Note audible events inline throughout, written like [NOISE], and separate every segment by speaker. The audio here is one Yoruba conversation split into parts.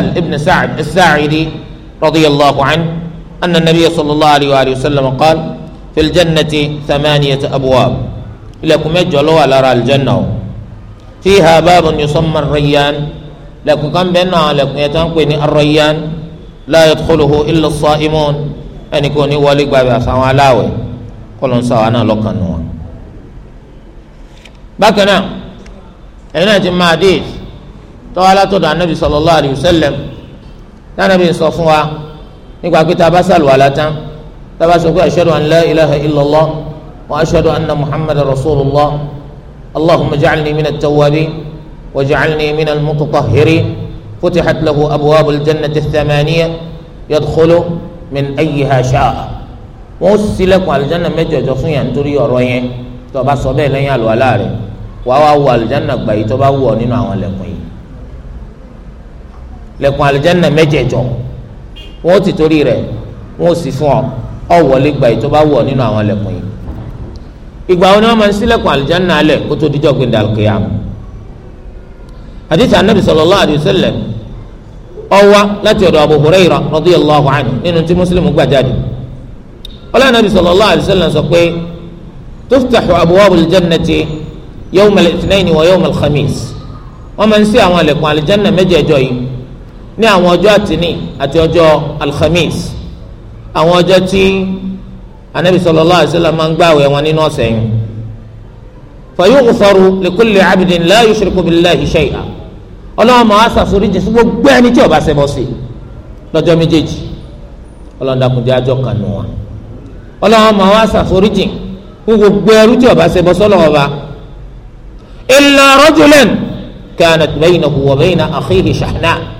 Speaker 1: سهل ابن سعد الساعدي رضي الله عنه أن النبي صلى الله عليه وآله وسلم قال في الجنة ثمانية أبواب لكم يجلو على الجنة فيها باب يسمى الريان لكم كم بيننا لكم يتنقني الريان لا يدخله إلا الصائمون أن يكون هو لك بابا سوى لاوي قلنا سوى أنا لقنوا بكنا هنا جمع ديش tó wá látọ̀dọ̀ anabi sallallahu alayhi wa sallam tánàbí sọ fún wa nígbà pé tá a bá sàlùwàlá tán tá a bá sọ pé ashhadu an la ilaha illallah wa ashhadu anna muhammadar rasulullah allahumma ja'alni minat tawwabin wa ja'alni minal mutatahhirin فتحت له أبواب الجنة الثمانية يدخل من أيها شاء wọ́n ṣí ilẹ̀kùn alìjánà mẹ́jọ fún yàn nítorí ọ̀rọ̀ yẹn tó bá sọ bẹ́ẹ̀ lẹ́yìn àlùwàlá rẹ̀ wàá wá wọ alìjánà gbà yìí tó nínú àwọn ilẹ̀kùn yìí lẹ̀kùn àlùjánnà mẹ́jẹ̀ẹ̀jọ wọn ó ti torí rẹ̀ wọn ó sì fún ọ ọ wọlé gba ètò bá wọ nínú àwọn lẹ̀kùn yìí ìgbà wo ni wọn máa ń ṣílẹ̀kùn àlùjánnà alẹ kó tó dijọ gbé ndàlùkìyà àdìsí anabi sallallahu alayhi wa sallam ọwa láti ọ̀dọ̀ Abu Hurayra radiyallahu anhu nínú tí Muslim gbà jáde ọlọ́run anabi sallallahu alayhi wa sallam sọ pé tuftahu abwabu aljannati yawma al-ithnaini wa yawma al-khamis wọn máa ń ṣí àwọn àlẹ̀kùn àlùjánnà mẹ́jẹ̀ẹ̀jọ yìí ní àwọn ọjọ́ àtìní àti ọjọ́ alhamis àwọn ọjọ́ tí anabi sallallahu alaihi wasallam máa ń gbààwẹ̀ wọn nínú ọ̀sẹ̀ yìí fayughfaru likulli abdin la yushriku billahi shay'a ọlọ́wọ́n máa ṣàforíjì fún gbogbo ẹni tí ó bá ṣẹbọ sí lọ́jọ́ méjèèjì ọlọ́run dàkúndé àjọ kanu wọn ọlọ́wọ́n máa wá ṣàforíjì fún gbogbo ẹrú tí ó bá ṣẹbọ sọ́lọ́wọ́ bá illa rajulan kanat baynahu wa bayna akhihi shahna'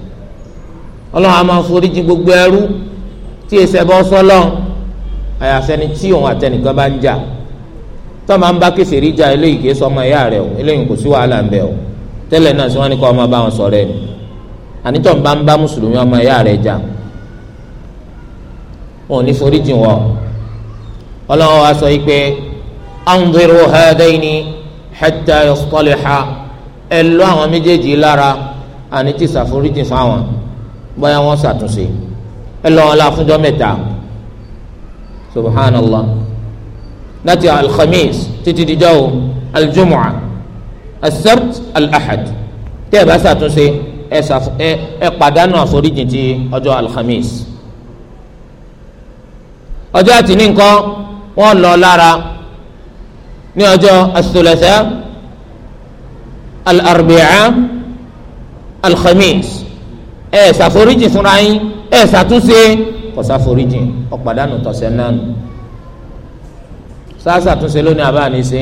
Speaker 1: ọlọ́run a máa forí jì gbogbo ẹrú tí èsì ẹ̀bọ sọ́lọ́ àyàsẹ́ni tí òun àtẹnìkan bá ń jà tó máa ń bá kẹsìrì jà eléyìí kìí sọ ọmọ ìyá rẹ o eléyìí kò sí wàhálà ń bẹ o tẹ́lẹ̀ náà sí wọn ni kọ́ ọmọ bá wọn sọ̀rọ̀ ẹni ànítọ́ bá ń bá mùsùlùmí ọmọ ìyá rẹ jà wọn ò ní forí wọ́n ọlọ́run wa sọ yìí pé anziru hadaini hatta yastaliha ẹ lọ àwọn méjèèjì lára àní ti ṣàforíjì fáwọn bóyá wọ́n ṣàtúnṣe ẹ lọ ọlá fúnjọ́ mẹ́ta subhanallah láti alkhamis títí dijọ́ o aljumua asabt alahad tẹ́ ẹ bá ṣàtúnṣe ẹ pàdánù àforíjì ti ọjọ́ alkhamis ọjọ́ àtìní nǹkan wọ́n lọ lára ní ọjọ́ asulasa alarbia alkhamis ẹ ṣàforíjì fúnra yín ẹ ṣàtúnṣe kò ṣàforíjì ọ̀pàdánù tọ̀sẹ̀ náà nù ṣàṣàtúnṣe lónìí àbá ní ṣe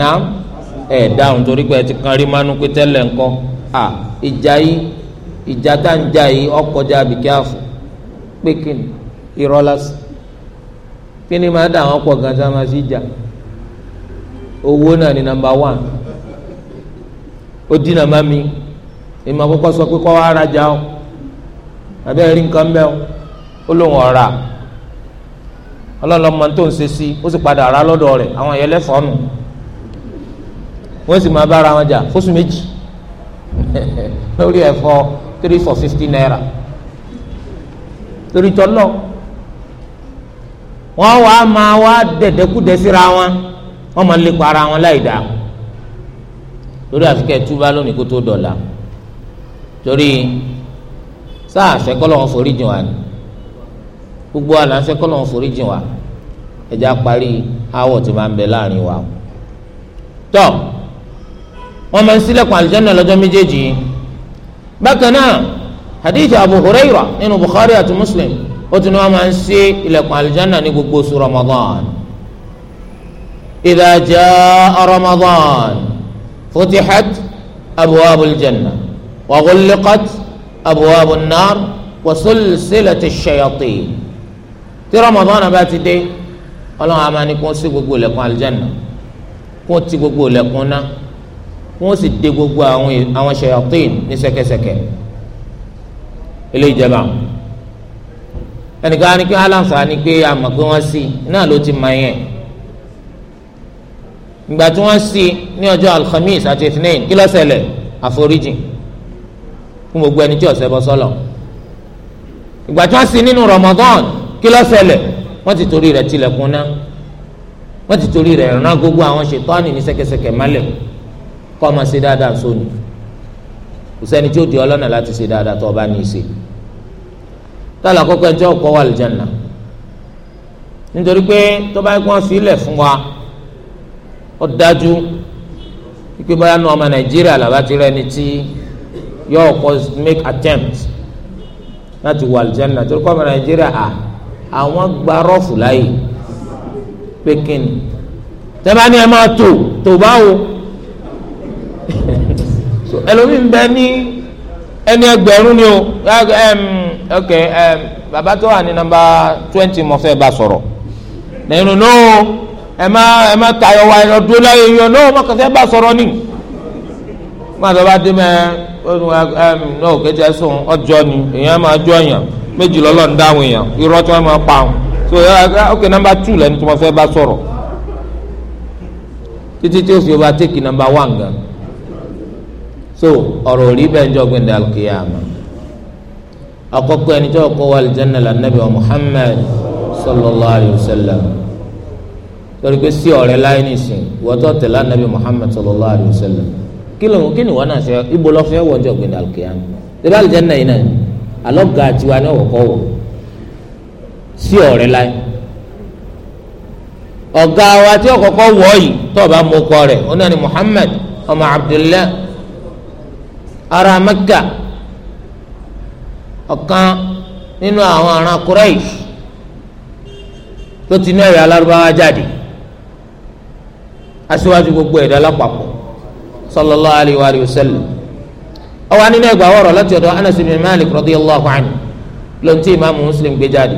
Speaker 1: náà ẹ dáhùn torí pé ẹ ti kan rí mánú pé tẹ́lẹ̀ ńkọ́ à ìjà yìí ìjà tá ń jà yìí ọkọjá àbíkẹ́ àfọ pé kí ni irọ́ lásán kí ni máa dà wọ́n pọ̀ gan tá máa ṣe jà owó náà ni nàmbà wán ó dínà má mi èmi àkọ́kọ́ sọ pé kọ́ wá rajà o àbẹ́ rí nǹkan mẹ́ o ó lóun ọ̀ra ọlọ́lọ́mọ tó ń ṣe sí ó sì padà rà lọ́dọ̀ rẹ̀ àwọn ẹ̀yẹ lẹ́fọ̀ọ́nù wọ́n sì máa bára wọn jà fóṣù méjì [LAUGHS] lórí ẹ̀fọ́ three for fifty naira torí tọ́lọ́ wọ́n wàá máa wá dẹ̀dẹ́kúdẹ́ síra wọn wọ́n máa lépa ara wọn láì dáa lórí àfikẹ́ túbá lónìí kó tó dọ̀la torí sáà sẹ́kọ́lọ́ wọn forí jìn wá ni gbogbo àná sẹ́kọ́lọ́ wọn forí jìn wá ẹja parí awọ̀ tí máa ń bẹ láàrin wa tọ́ wọn máa ń ṣílẹ̀kùn àlùjánnà lọ́jọ́ méjèèjì yìí bákan náà hadith abu huraira nínú bukhari àti muslim ó ti ní wọn máa ń ṣí ilẹ̀kùn àlùjánnà ní gbogbo oṣù ramadan idha jaa ramadan futihat abwaabul janna wa ghulliqat abwabu an-nar wa sulsilat ash-shayatin tí Ramadan bá ti dé ọlọ́run àmà ni kò sí gbogbo ilẹ̀kùn aljanna kò ti gbogbo ilẹ̀kùn náà wọ́n sì dè gbogbo àwọn shayatin ní ṣẹ̀kẹ̀ṣẹ̀kẹ̀ ilé ìjẹba ẹnìkan ni pé aláǹfà ni pé àmọ̀ pé wọ́n sí náà ló ti mọ yẹn ìgbà tí wọ́n sí ní ọjọ́ alhamis àti ethnain kí ló ṣẹlẹ̀ àforíjìn fún gbogbo ẹni tí ọ̀sẹ̀ bọ́ sọ́lọ̀ ìgbà tí wọ́n sin nínú Ramadan kí ló ṣẹlẹ̀ wọ́n ti torí rẹ̀ tilẹ̀kùn náà wọ́n ti torí rẹ̀ rán gbogbo àwọn ṣètọ́ni ní sẹ́kẹsẹkẹ mọ́lẹ̀ kọ́ ọmọ ṣe dáadáa sóni kò sẹ́ni tí ó di ọlọ́nà láti ṣe dáadáa tó ọba ní í ṣe tálà kọ́kọ́ ẹjọ́ ọ̀kọ́ wà lìjànà nítorí pé tó bá gbọ́n sílẹ̀ fún wa ó dájú wípé báyà nu ọmọ Nàìjíríà làbá ti rẹ́ni tí yóò kọ́ make attempt láti wọ àlùjánnà torí kọ́ ọmọ nàìjíríà à àwọn gba rọ́ọ̀fù láàyè pé kíni tẹ́lá ni ẹ máa tò tò báwo [LAUGHS] ẹlòmíín bẹ ní ẹni ẹgbẹ̀rún ni o ok bàbá tó wà ní nọ́mbà twenty mo fẹ́ bá sọ̀rọ̀ nínú náà ẹ má ẹ má tayọ wa ẹ lọ dúró láyé yọ náà mo kàn bá sọ̀rọ̀ ni wọn àti ọba dé mẹ́ẹ́ náà ò kẹjẹ sùn ọjọ́ ni èèyàn máa jọ èèyàn méjì lọ́lọ́ ń dáhùn èèyàn irọ́ tí wọ́n máa pa àwọn so ah, ah, ah, ok nọ́mbà two lẹni tí wọ́n fẹ́ bá sọ̀rọ̀ títí tí ó fi ọba tẹ́kì nọ́mbà one gan so ọ̀rọ̀ òrí bẹ́ẹ̀ ń jọ gbẹ̀ndẹ̀ alkiyama àkọ́kọ́ ẹni tí wọ́n kọ́ wa aljanna la nabi wa muhammad sallallahu alayhi wa sallam torí pé sí ọ̀rẹ́ láyé nìsín wọ́n tọ́ tẹ̀lé anabi muhammad sallallahu alayhi wa sallam kilo kini kí ni wọn náà ṣe ibo lọ fẹ́ wọjọ gbẹdẹ alùkìyàmù ṣẹbi alìjẹnà yìí náà alọga tiwa ní ọwọkọ wọ sí ọ̀rẹ́ láyé ọ̀gá wa tí ọkọkọ wọ yìí tó o bá mú kọ rẹ̀ ni Muhammad ọmọ Abdullah ará Mẹ́kà ọ̀kan nínú àwọn aràn Quraish tó ti ní ẹ̀yà alárúbáwá jáde aṣíwájú gbogbo ẹ̀dá lápapọ̀ sallallahu alayhi wa sallam ọwọ́ anínú ẹgbà wọ̀rọ̀ láti ọ̀dọ̀ anas bin malik radiyallahu anhu lọ́ntì imaamu muslim gbé jáde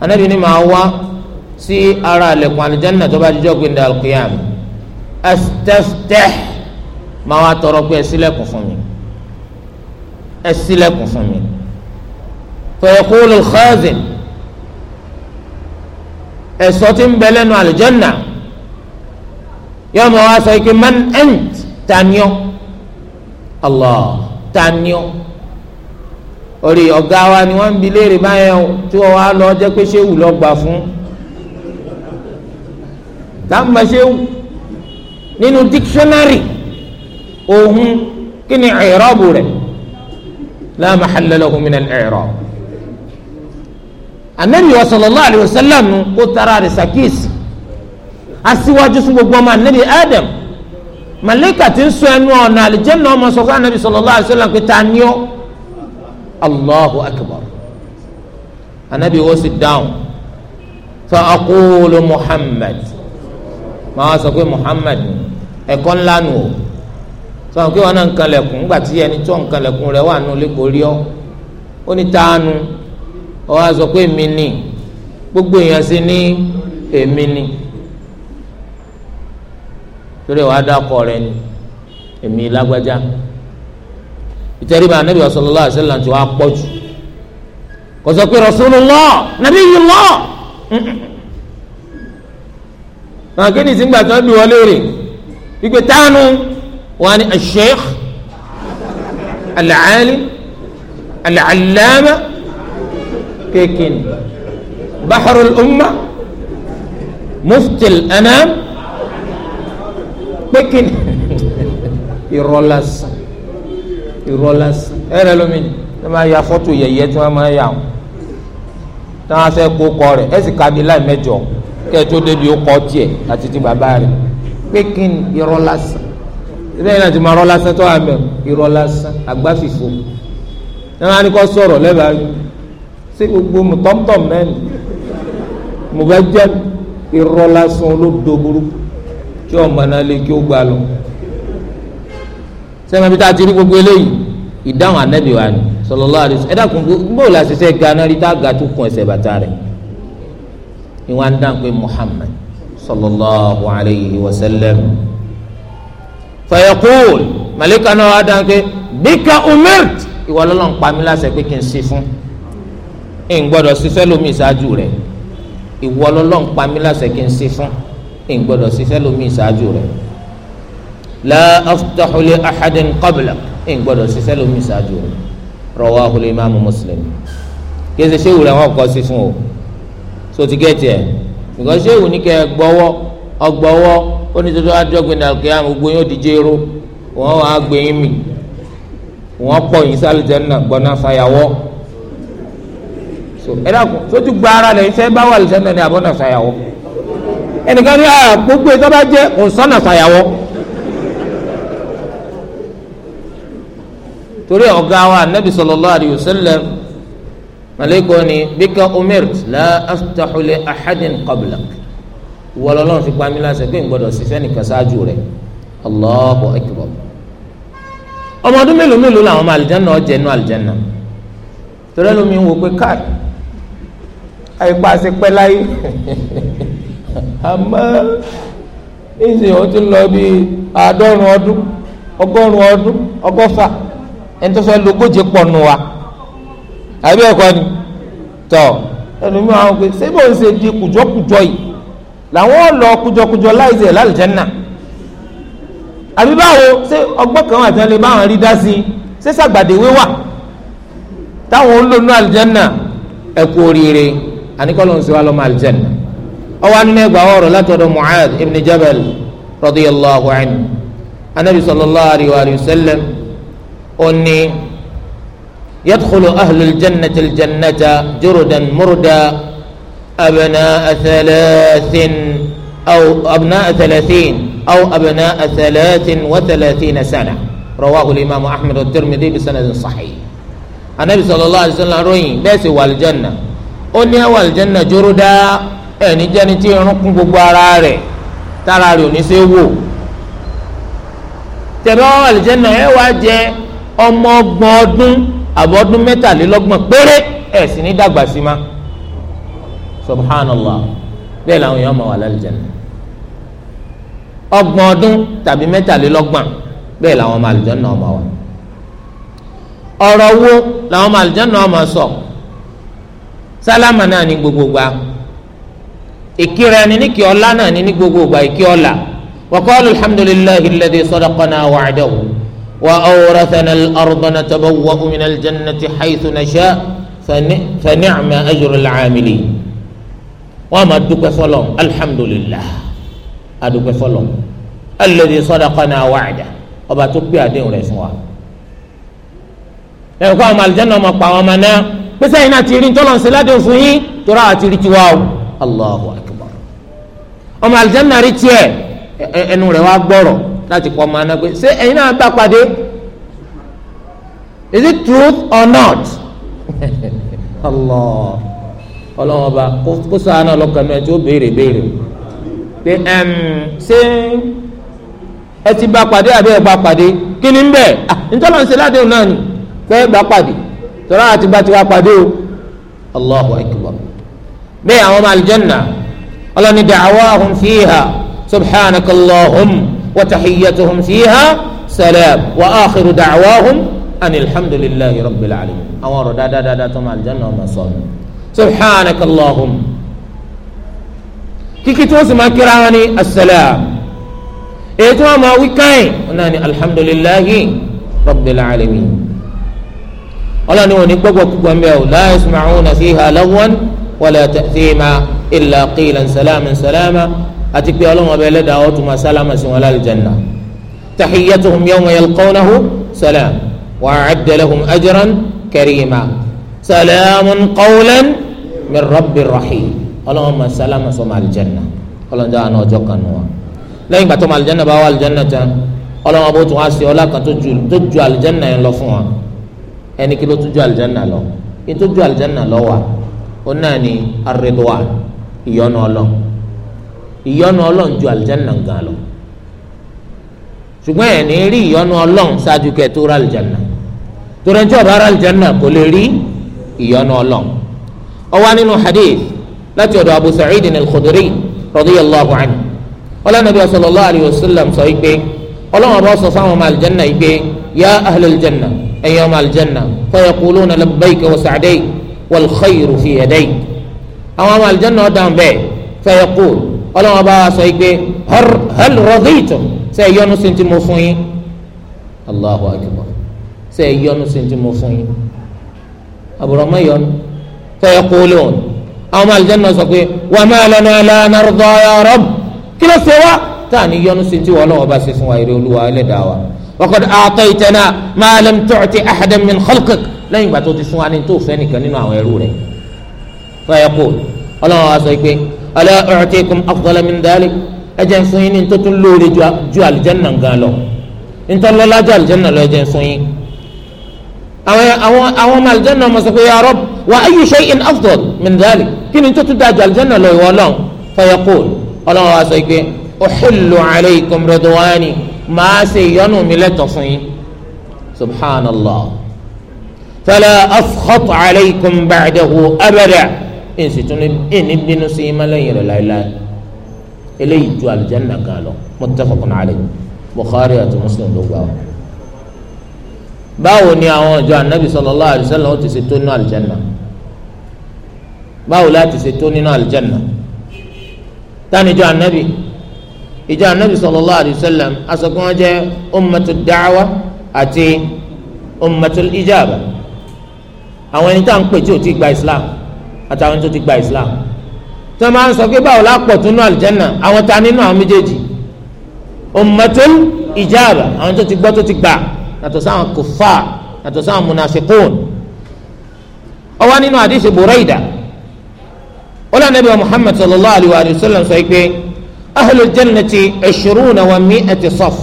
Speaker 1: anabi ni màá wá sí ara àlẹ̀kùn alìjánná tó bá jíjọ́ gbẹ̀ndà alqiyam astaftah màá wá tọrọ pé ẹ ṣílẹ̀kùn fún mi ẹ ṣílẹ̀kùn fún mi fayaqulu al-khazin ẹ̀sọ́ tí ń bẹ lẹ́nu alìjánná ike man ant taniọ́ Allah taniọ́ orí ọ̀gá wa ni wọ́n ń bi léèrè báyẹn o tí wọ́n wá lọ jẹ́ pé ṣéwù lọ gbà fún dáhùnmá ṣéwù nínú dictionary òhun kí ni i'rabu rẹ̀ la mahalla lahu min al anabi wa sallallahu alayhi wa sallam kó tara rẹ̀ sàkíyèsí aṣíwájú gbogbo ọmọ anabi adam màlẹ́kà tí ń sọ ẹnu ọ̀nà àlìjẹ́nà ọmọ sọ fún anabi sallallahu alaihi wasallam pé ta ni ọ́ allahu akbar anabi wo sit down fa aqulu muhammad màá sọ pé muhammad ẹ̀kọ́ ńlá nù o sọ pé wọn náà ń kalẹ̀kùn ńgbà tí ẹni tó ń kalẹ̀kùn rẹ̀ wà nù lẹ́kọ̀ọ́ rí ọ́ ó ní taanu ọ̀ wá sọ pé mi ni gbogbo èèyàn sì ní èmi ni torí wàá dákọ rẹ ni èmi lágbájá ìtẹríba anabi sallallahu alaihi wasallam ti wàá pọ̀ jù kò sọ pé rasulullah nabiyullah àwọn kéde ìsìngbà tó ń lu wọlé rè wípé tánu wà ní al-sheikh al-alim al umma muftil anam pé kí ni irọ́ lásán irọ́ lásán ẹ̀rẹ́ lómi ni wọ́n máa ya fọ́tò yẹ̀yẹ́ tí wọ́n máa yà wọ́n tí wọ́n á fẹ́ kó kọ rẹ̀ ẹ̀sìn kábí láì mẹ́jọ kẹ́ẹ̀ tó débi ó kọ́ tiẹ̀ àti ti bàbá rẹ̀ pé kí ni irọ́ yìí náà ti máa rọ́ tó wà mẹ́ irọ́ lásán àgbáfìfo wọ́n ní kó sọ̀rọ̀ lẹ́bàá sí gbogbo mu tọ́mtọ́m náà ni mo fẹ́ jẹ́ irọ́ olódo burúkú tí ọmọ náà lè kí ó gbà lọ sẹ́mi bí tá a ti rí gbogbo eléyìí ìdáhùn anábì wa ni sallallahu alaihi wasallam ẹ dákun bóòlù àṣìṣe gana rí tá a ga tó kun ẹsẹ̀ bàtà rẹ̀ ni wọ́n á dáhùn pé Muhammad sallallahu alaihi wasallam fayaqul màlíkà náà á dáhùn pé bíkà umirt ìwọ lọ́lọ́run pa mí láṣẹ pé kí n sí fún ẹ̀ ń gbọ́dọ̀ sí lómi ìṣáájú rẹ̀ ìwọ lọ́lọ́run pa mí láṣẹ kí n sí fún ń gbọ́dọ̀ ṣiṣẹ́ lómi ìṣáájú rẹ̀ la aftahu li ahadin qabla ń gbọ́dọ̀ ṣiṣẹ́ lómi ìṣáájú rẹ̀ rawahu al-imam muslim kí ẹsẹ̀ ṣéwù rẹ̀ wọ́n kọ́ sí fún o so ti gẹ́tì ẹ̀ nǹkan ṣéwù ní kẹ́ gbọ́wọ́ ọgbọ́wọ́ ó ní tuntun adọ́gbìn náà kí àwọn gbogbo yóò di jéró wọ́n wàá gbẹ̀yìn mi wọ́n pọ̀ yìí sálùjẹ́ náà gbọ́ná fàyàwọ́ so ẹ dàkún sótú gba ara rẹ̀ bá wà lùsẹ́ náà ní abọ́nà fàyàwọ́ ẹnìkan ní àà gbogbo ètò bá jẹ́ kò sọ́nà fàyàwọ́ torí ọ̀gá wa anabi sallallahu alayhi wa sallam maliko ni bika umirt la aftahu li ahadin qablak wọlọlọrun fi pamí lásán pé n gbọ́dọ̀ sí fẹnìkan ṣáájú rẹ̀ Allahu akbar ọmọ ọdún mélòó mélòó làwọn ọmọ alìjánná ọjẹ inú alìjánná torí ẹlòmíín wò pé káàdì àyípa àti pẹ́ láyé. [LAUGHS] àmọ́ ìsìn ó ti ń lọ bí àádọ́rùn ọdún ọgọ́rùn ọdún ọgọ́fà ẹni tó fẹ́ lógójì pọ̀ nù wa àbí ẹ̀kọ́ ni tọ́ ẹnu mi àwọn pé ṣé bó ń ṣe di kùjọ́kùjọ yìí làwọn lọ kùjọkùjọ láìsí ẹ̀ lálùjẹ́nà àbí báwo ṣé ọgbọ́n kan àti ẹni báwọn rí dá sí ṣé sàgbàdéwé wà táwọn olóńnú àlùjẹ́nà ẹ̀kú oríire àníkọ́ ló ń ṣe wá lọ́mọ àlùjẹ́nà ọwọ́ anúlẹ̀ gba ọ̀rọ̀ látọ̀dọ̀ mu'ad ibn jabal radiyallahu anhu anabi sallallahu alayhi wa sallam oni yadkhulu ahlul jannati aljannata jurudan murda abnaa thalathin aw abnaa thalathin aw abnaa thalathin wa thalathina sana rawahu imaamu ahmed at-tirmidhi bisanadin sahih anabi sallallahu alayhi wa sallam ròyìn bẹ́ẹ̀ sì wà aljanna ó ẹni jẹni tí irun kún gbogbo ara rẹ̀ tára rẹ̀ ò ní ṣe wò tẹ̀bẹ́ wọn àlìjẹ́nà ẹ wá jẹ ọmọ ọgbọ̀n ọdún àbọ̀dún mẹ́tàlélọ́gbọ̀n péré ẹ̀ sì ní dàgbà sí ma subhanallah bẹ́ẹ̀ làwọn èèyàn máa wà lálìjẹ́nà ọgbọ̀n ọdún tàbí mẹ́tàlélọ́gbọ̀n bẹ́ẹ̀ làwọn ọmọ àlìjẹ́nà ọmọ wà ọ̀rọ̀ wo làwọn ọmọ àlìjẹ́nà ọmọ sọ sálámà náà ní gbogbogbà ìkíra ni ní kí ọlá náà ní ní gbogbo ìgbà ìkí ọlá wàkọ́lù alhamdulilayi alladhi sadaqana wa'dahu wa awrathana al-arda natabawwa'u min al-jannati haythu nasha fa ni'ma ajru al-'amilin wọ́n máa dúpẹ́ fọlọ́ alhamdulilayi adúpẹ́ fọlọ́ alladhi sadaqana wa'dahu ọba tó pé àdéhùn rẹ̀ fún wa ẹ̀rọ kọ́ àwọn alìjẹ́nà ọmọ pa ọmọ náà pèsè àyìn àti irin tọ́lọ̀ ń ṣe ládùn fún yín tó rà àti rí tiwa o Allahu akbar ọmọ aljanna rí tiẹ̀ ẹnu rẹ̀ wá gbọ́rọ̀ láti kọ́ ọmọ aná pé ṣé ẹ̀yin náà bá pàdé is it truth or not [LAUGHS] Allah ọlọ́wọ́n ọba kó sàánà ọlọ́kàn mi tí ó béèrè béèrè pé ṣé ẹ ti bá pàdé àbí ẹ bá pàdé kí ni ń bẹ̀ nítorí ah, wọn ṣe ládéhùn náà ni pé bá pàdé tọ́lá àti bá ti wá pàdé o Allahu akbar bẹ́ẹ̀ àwọn ọmọ aljanna ọlọ́ni da'awahum fiha subhanakallahum wa tahiyyatuhum fiha salam wa akhiru da'awahum ani alhamdulillahi rabbil alamin àwọn ọ̀rọ̀ dáadáa tó máa aljanna ọmọ sọ̀rọ̀ subhanakallahum kíkí tí wọ́n sì máa kíra wọn ni asalaam èyí tí wọ́n máa wí káyìn wọn náà ni alhamdulillahi rabbil alamin ọlọ́ni wọn ni gbọ́gbọ́ kúgbọ́n bẹ́ẹ̀ o la yasma'una fiha lagwan wala ta'thima illa qilan salaman salama àti pé ọlọ́wọ́n ọba ẹlẹ́dàá ọ̀ tún máa sálámà sí wọn lálùjánnà tahiyyatuhum yawma yalqawnahu salam wa a'adda lahum ajran karima salamun qawlan min rabbir rahim ọlọ́wọ́n máa sálámà sọ́mọ́ àlùjánnà ọlọ́wọ́n dáhùn ọjọ́ kan nù wọn. lẹ́yìn gbàtọ́ máa àlùjánnà bá wà àlùjánnà tán ọlọ́wọ́n bó tún wá sí ọlá kan tó ju àlùjánnà yẹn lọ fún wọn ẹni kí ló ju àlùjánnà lọ kí tó ju àlùjánnà lọ wà ó náà ní ìyọ́nú ọlọ́run ìyọ́nú ọlọ́run ju àlìjáná gan lọ ṣùgbọ́n ẹ̀ ní rí ìyọ́nú ọlọ́run ṣáájú kẹ́ tó rà àlìjáná torí ẹjọ́ bá rà àlìjáná kò lè rí ìyọ́nú ọlọ́run ó wà nínú hadith láti ọ̀dọ̀ Abu Sa'id al-Khudri radiyallahu anhu ọlọ́run nabi sallallahu alayhi wa sallam sọ yìí pé bá sọ fáwọn ọmọ àlìjáná yìí yá ahlul janna ẹ̀yin ọmọ àlìjáná fa yaquluna labbayka àwọn ọmọ àlùjánnà ọ̀dàn bẹ́ẹ̀ fẹ́ẹ́ kú ọlọ́wọ́n bá wa sọ yìí pé hal raditum ṣe é yọnu sí ti mo fún yín Allahu akbar ṣe é yọnu sí ti mo fún yín àbúrò ọmọ yọnu fẹ́ẹ́ kú lóhùn àwọn ọmọ àlùjánnà sọ pé wa ma lana la narda ya rabb kí ló ṣe wá táà ní yọnu sí ti wọ́n lọ́wọ́ bá ṣe fún wa èrè olúwa ẹlẹ́dàá wa waqad a'taytana ma lam fayaqul ọlọ́run wa sọ pé ala u'tikum afdala min dhalik ẹjẹ ń fún yín ní ntótó lóore ju alìjẹ́nà gan lọ ntọ́lọ́lá ju alìjẹ́nà lọ ẹjẹ ń fún yín àwọn àwọn àwọn ọmọ alìjẹ́nà ọmọ sọ pé ya Rabb wa ayyu shay'in afdal min dhalik kí ni ntótó dáa ju alìjẹ́nà lọ ìwọ ọlọ́run fayaqul ọlọ́run wa sọ pé uhillu alaykum ridwani èsì tún lè èní bínú sí yín mọ́lẹ́yìn rẹ̀ láéláé eléyìí ju àlùjánnà kan lọ muttafaqun alayhi Bukhari àti Muslim ló gbà wá. báwo ni àwọn ọjọ́ anabi sallallahu alaihi wasallam ti ṣe tó nínú àlùjánnà báwo láti ṣe tó nínú àlùjánnà tánijọ́ anabi ìjọ anabi sallallahu alaihi wasallam asọ̀kan jẹ́ ummatud da'wa àti ummatul ijaba àwọn ẹni tá à ń pè tí ò ti gba Islam àtàwọn tó ti gba islam tí wọ́n máa ń sọ pé báwo la pọ̀ tún nú àlùjẹ́nà àwọn ta nínú àwọn méjèèjì ummatul ijaba àwọn tó ti gbọ́ tó ti gbà yàtọ̀ sáwọn kùfà yàtọ̀ sáwọn munafikun ó wà nínú àdìsí Burayda wọ́n lànà ibà Muhammad sallallahu alayhi wa sallam sọ pé ahlul jannati ishruna wa mi'ati saf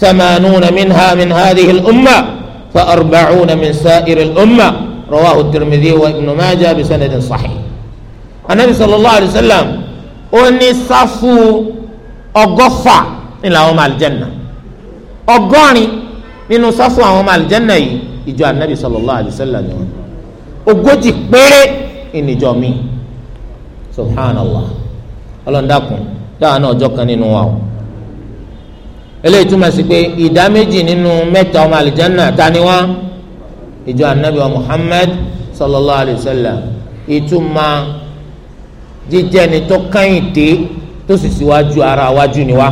Speaker 1: thamanuna minha min hadhihi al-umma fa arba'una min sa'iri al-umma rawahu at-Tirmidhi wa Ibn Majah bi sanadin sahih anabi sallallahu alayhi wa sallam ó ní sáfù ọgọ́fà nílẹ̀ àwọn ọmọ àlìjẹ́nà ọgọ́rin nínú sáfù àwọn ọmọ àlìjẹ́nà yìí ìjọ anabi sallallahu alayhi wa sallam ni wọn ogójì péré ìnìjọ mi subhanallah ọlọ́ndàkùn dáhà náà ọjọ́ kan nínú wa o eléyìí túmọ̀ sí pé ìdá méjì nínú mẹ́ta ọmọ àlìjẹ́nà ta ni wọ́n ìjọ anabi wa muhammad sallallahu alayhi wa sallam ìtumọ̀ jíjẹ́ ni tó kẹ́yìn dé tó sì síwájú ara wájú ni wá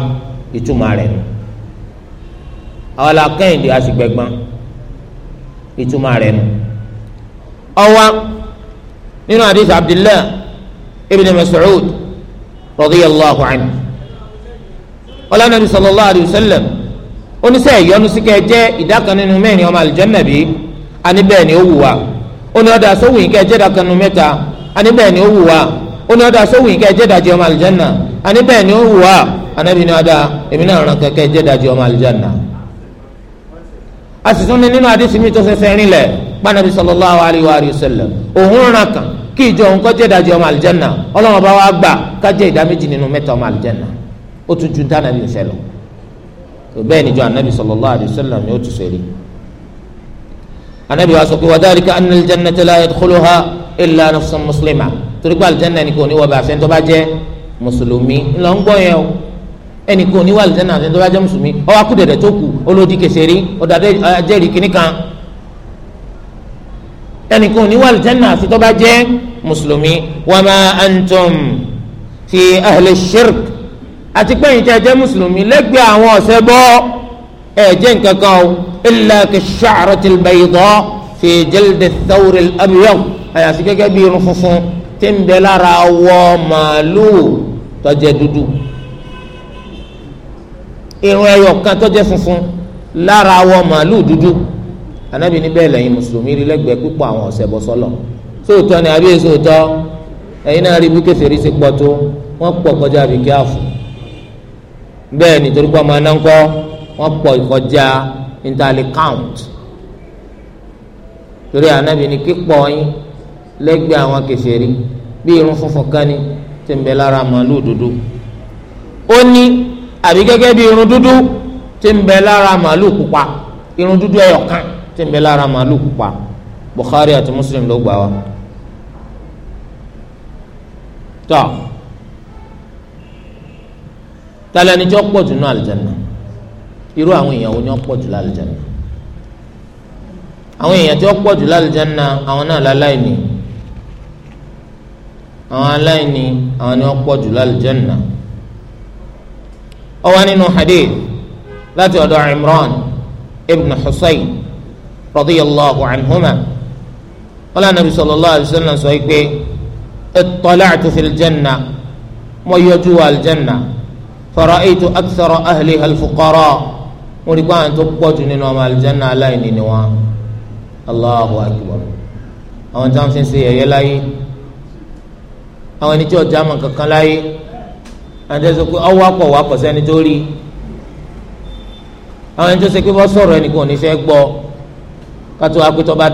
Speaker 1: ìtumọ̀ rẹ̀ nù àwọn la kẹ́yìn dé a sì gbẹ̀gbọ́n ìtumọ̀ rẹ̀ nù ọwọ́ nínú àdìsí abdullahi ibn mas'ud radiyallahu anhu ọlá nàbì sallallahu alayhi wa sallam oníṣẹ́ ìyọnu sí kẹ́ jẹ́ ìdá kan nínú mẹ́rin ọmọ àlùjànnà ani bẹ́ẹ̀ ni ó wù wá ó ní ọ̀dà sówìn kẹ́ jẹ́dà kanu mẹ́ta ani bẹ́ẹ̀ ni ó wù wá ó ní ọ̀dà sówìn kẹ́ jẹ́dà jẹ́ ọmọ àlùjáná ani bẹ́ẹ̀ ni ó wù wá anabi ní ọ̀dà èmi náà ràn kẹ́kẹ́ jẹ́dà jẹ́ ọmọ àlùjáná. a sì tún ní nínú àdìsí mi tó fẹsẹ̀ rin lẹ̀ pànàbí sallallahu alayhi wa sallam òun ràn kàn kí ìjọ òun kọ́ jẹ́dà jẹ́ ọmọ àlùjáná ọlọ́run bá wa gbà ká ìdá méjì nínú mẹ́ta ọmọ àlùjáná ó tún ju tánàbí ìfẹ́ lọ. bẹ́ẹ̀ ni jọ anabi sallallahu alayhi ni ó tún sọ èrè anabi wa sọ pé wadhalika anna al-jannata la yadkhuluha illa nafsun muslima torí pé aljanna ni kò ní wọ bẹ àfẹn tó bá jẹ mùsùlùmí ńlọ ń gbọ́ yẹn o ẹnì kò ní wọ aljanna àfẹn tó bá jẹ mùsùlùmí ọwọ akúdẹdẹ tó kù olódì kẹsẹrí ọdàdé ajẹrì kìnnìkan ẹnì kò ní wọ aljanna àfẹn tó antum fi ahli shirk àti pé ẹ̀yin tẹ́ jẹ́ mùsùlùmí lẹ́gbẹ̀ẹ́ àwọn ọ̀sẹ̀ ẹ jẹ nǹkan kan o illa kash-sha'rati al-bayda fi jaldi ath-thawri al-abyad àyàfi gẹ́gẹ́ bí irun funfun tí ń bẹ lára wọ màálùú tó jẹ́ dúdú irun ẹyọ kan tó jẹ́ funfun lára wọ màálùú dúdú anabi ní bẹ́ẹ̀ lẹ́yìn mùsùlùmí rí lẹ́gbẹ̀ẹ́ púpọ̀ àwọn ọ̀sẹ̀ bọ́ sọ́lọ̀ sóòtọ́ ni àbí èso ẹ̀yin náà rí bí kèfèrí ṣe pọ̀ tó wọ́n pọ̀ kọjá àbíkí àfọ̀ bẹ́ẹ̀ nítorí pé ọmọ anáńkọ́ wọ́n pọ̀ ìkọjá intali count torí ànábì ni kíkpọ̀ yín lẹ́gbẹ̀ẹ́ àwọn kèfèrí bí irun funfun kan ni tí ń bẹ lára màálù dúdú ó ní àbí gẹ́gẹ́ bí irun dúdú tí ń bẹ lára màálù pupa irun dúdú ẹyọ kan tí ń bẹ lára màálù pupa Bukhari àti Muslim ló gbà wá tọ́ talẹ̀ níjọ́ pọ̀ jù nínú àlùjánnà irú àwọn èèyàn wo ni wọ́n pọ̀ jù lálùjáná àwọn èèyàn tí wọ́n pọ̀ jù lálùjáná àwọn náà láláìní àwọn aláìní àwọn ni wọ́n pọ̀ jù lálùjáná ó wà nínú hadith láti ọ̀dọ̀ Imran ibn Husayn radiyallahu anhuma wọ́n lànà Nabi sallallahu alaihi wasallam sọ pé ittala'tu fil janna mo yọjú wa aljanna fara'aytu akthara ahliha al-fuqara. wọ́n rí i àwọn tó pọ̀ jù nínú ọmọ alìjẹ́nà aláìní ni wọ́n Allahu akbar àwọn tí wọ́n fi ń láyé àwọn ẹni tí ọjà mọ̀ kankan láyé àtẹ̀sọ pé ọwọ́ akọ̀ wà kọ̀ sẹ́ni tó rí àwọn ẹni tó ṣe pé sọ̀rọ̀ ò ní fẹ́ gbọ́ kátó apẹ́tọ́ bá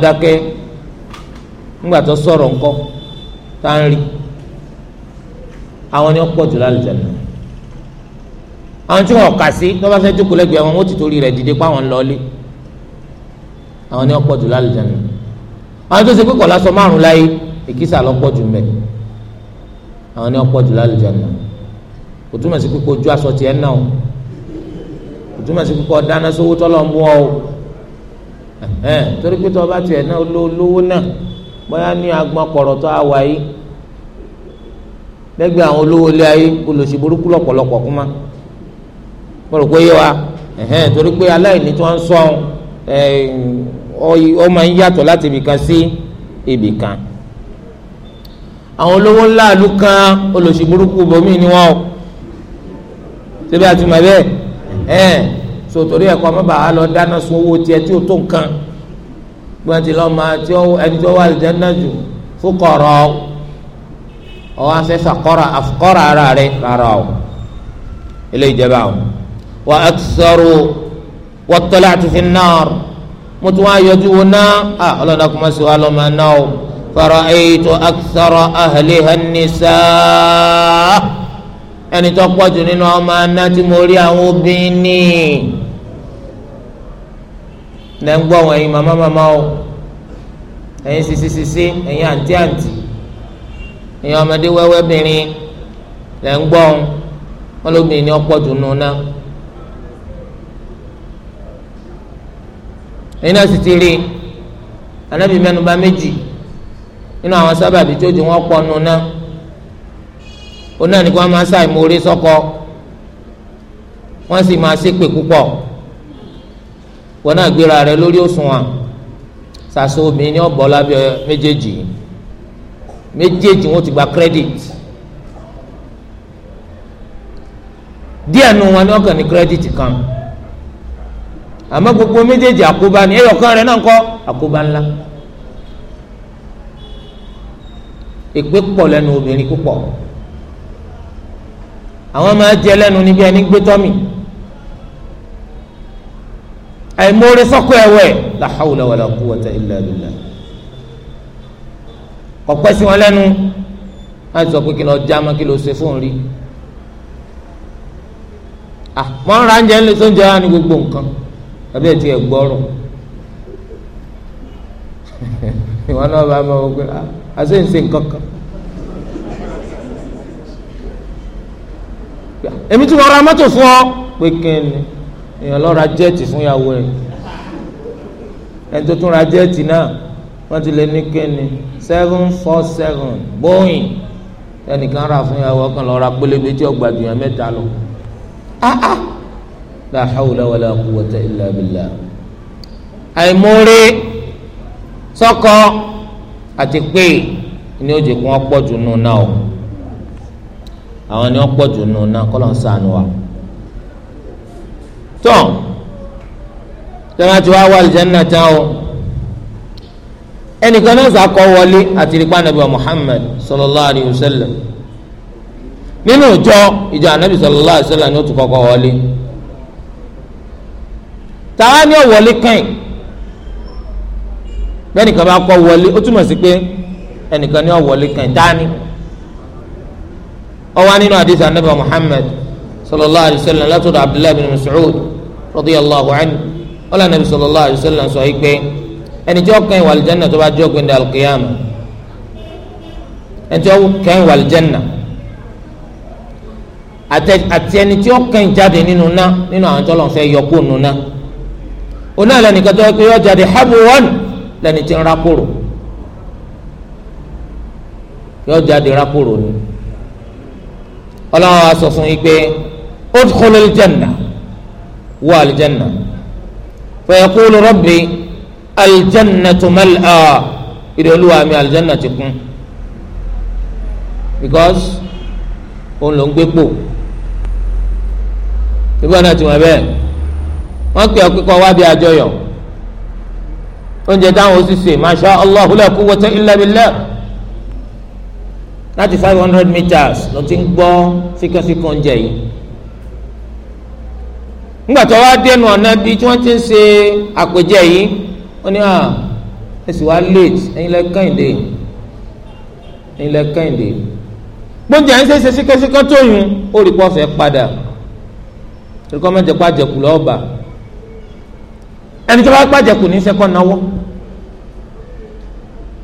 Speaker 1: àwọn tí wọn kà sí tó bá fẹ́ jókòó lẹ́gbẹ̀ẹ́ wọn wọ́n ti torí rẹ̀ dìde pa wọn lọ́ọ́lé àwọn ní ọ̀pọ̀ jù lálẹ́ jẹun àwọn tó ṣe pé kọ̀ lásán márùn láyé èkìsà lọ́pọ̀ jù mẹ́ àwọn ní ọ̀pọ̀ jù lálẹ́ jẹun kò túmọ̀ sí pípọ̀ ojú aṣọ tiẹ̀ náà kò túmọ̀ sí pípọ̀ dáná sówó tọ́lọ̀ ń bú ọ o torí pé tó tiẹ̀ náà lówó náà bóyá ní agbọn kọ̀rọ̀ tó a lẹ́gbẹ̀ẹ́ àwọn olówó ilé ayé olùsí burúkú kúmá mo rò pé yé wa torí pé aláìní tí wọ́n ń sọ ọ máa ń yàtọ̀ láti ibìkan sí ibìkan àwọn olówó ńlá àlù kan olóṣì burúkú bomi ni wọn o síbi àti mọ̀ bẹ́ẹ̀ ẹ̀ so torí ẹ̀kọ́ ọmọ bàá lọ dáná sun owó tiẹ̀ tí o tó nǹkan gbọ́n ti lọ́ọ́ máa tí ẹni tó wà lìjẹ́ndà jù fúkọ̀rọ̀ ọ̀hún afẹ́fà kọ́ra ara rẹ̀ rárá o ilé ìjẹba o wa aksaru wa tala'tu fi an-nar mo tún wá yọjú wo ná a ah, ọlọ́dà kò má sí wa lọ́mọ ná o fara'aytu aksara ahliha an-nisaa ẹni tó pọ̀jù nínú ọmọ aná tí mo rí àwọn obìnrin ní lẹ́ ń gbọ́ wọn ẹ̀yin màmá màmá o ẹ̀yin sisi sisi ẹ̀yin àǹtí àǹtí ẹ̀yin ọmọdé wẹ́wẹ́ bìnrin lẹ́ ń gbọ́ wọn olóbìnrin ni ọ̀pọ̀jù nù náà. ẹ̀yin náà sì ti rí anábì mẹ́nubà méjì nínú àwọn sábàbí tó di wọn pọ̀ nù náà òun náà ní kí wọ́n máa ṣàì mórí sọ́kọ wọ́n sì máa ṣépè púpọ̀ wọn náà gbéra rẹ lórí òṣùwọ̀n sàṣọ obìnrin ní ọ̀bọ̀ lábẹ́ méjèèjì méjèèjì wọn ti gba credit díẹ̀ nu wọn ní ọkàn ní credit kan àmọ́ gbogbo méjèèjì àkóbá ni ẹyọkan rẹ̀ náà kọ́ àkóbá ńlá èpè pọ̀ lẹ́nu obìnrin púpọ̀ àwọn máa jẹ lẹ́nu níbi ẹni gbé tọ́mì àìmóore sọ́kọ̀ ẹ̀wẹ̀ la hawla wala quwwata illa billah ọ̀pẹ́ sí wọn lẹ́nu á sọ pé kí lọ já má kí lọ ṣe fóun rí mọ̀ ah, ń ra oúnjẹ ńlẹ̀ tó ń jẹ́ wá ní gbogbo nǹkan àbí ẹtì ẹ gbọrùn ìwọ náà bá máa wọ pé àṣẹ ah, ń ṣe nǹkan kan èmi tí wọ́n ra mọ́tò fún ọ pé kẹ́ni èèyàn lọ́ọ́ ra jẹ́ẹ̀tì fún ìyàwó ẹ̀ ẹ̀ tó tún ra jẹ́ẹ̀tì náà wọ́n ti lè ní kẹ́ni seven four seven Boeing ẹnìkan rà fún ìyàwó ọkàn lọ́ọ́ ra pélébé tí ọgbà jù yàn mẹ́ta lọ. ah, ah la hawla wala quwwata illa billah àìmọ́re sọ́kọ́ àti pé ni ó jẹ́ kó wọ́n pọ̀ jù nù náà o àwọn ni wọ́n pọ̀ jù nù náà kọ́ ló ń sànù wa. tó tẹ́lẹ̀tì wá wà lìjẹ́nà tán o ẹnìkan náà sàkọ́ wọlé àti ìrìkpá nàbí wa Muhammad sallallahu alayhi wa sallam nínú ìjọ ìjọ ànábì sallallahu alayhi wa sallam ni ó ti kọ́kọ́ wọlé tàwa ni ó wọlé kàn bẹ́ẹ̀ nìkan bá kọ́ wọlé ó túmọ̀ sí pé ẹnìkan ni ó wọlé kàn dání ó wà nínú àdìsí anábà Muhammad sallallahu alayhi wa sallam látọ̀dọ̀ Abdullahi bin Mas'ud radiyallahu anhu ọlá nàbì sallallahu alayhi wa sallam sọ yìí pé ẹni tí ó kàn wọ alìjẹ́nà tó bá jẹ́ ògbìn dàl kìyàmù ẹni tí ó kàn wọ alìjẹ́nà àti ẹni tí ó kàn jáde nínú ná nínú àwọn tí Ọlọ́run fẹ́ yọ nínú ná onáà lẹnìkan tó yẹ pé yọ jáde hamuwan lẹni tí ń rakoro yọ jáde rakoro ni ọlọ́run wa sọ fún yín pé udkhulu aljanna wọ aljanna fa yaqulu rabbi aljanna tó mal'a ìdè olúwa mi aljanna ti kún because òun ló ń gbé pò ìgbà náà ti wọ́n bẹ́ẹ̀ wọ́n pè ọ́ pé wá bí àjọyọ̀ oúnjẹ táwọn oṣù masha allah la quwwata illa láti five hundred meters ló ti ń gbọ́ síkẹ́síkẹ́ oúnjẹ yìí ńgbàtọ́ wá dénú ọ̀nà bí tí wọ́n ti ń ṣe àpèjẹ yìí wọ́n ní à èsì wá late ẹ̀yin lẹ kẹ́hìndé ẹ̀yin lẹ kẹ́hìndé gbọ́njẹ ń ṣe ṣe síkẹ́síkẹ́ tóyún ó rí pọ́fẹ́ padà rí kọ́ mẹ́jẹ pàjẹkù lọ́ọ̀bà ẹni tó bá gbàjẹ kù ní sẹkọ náwó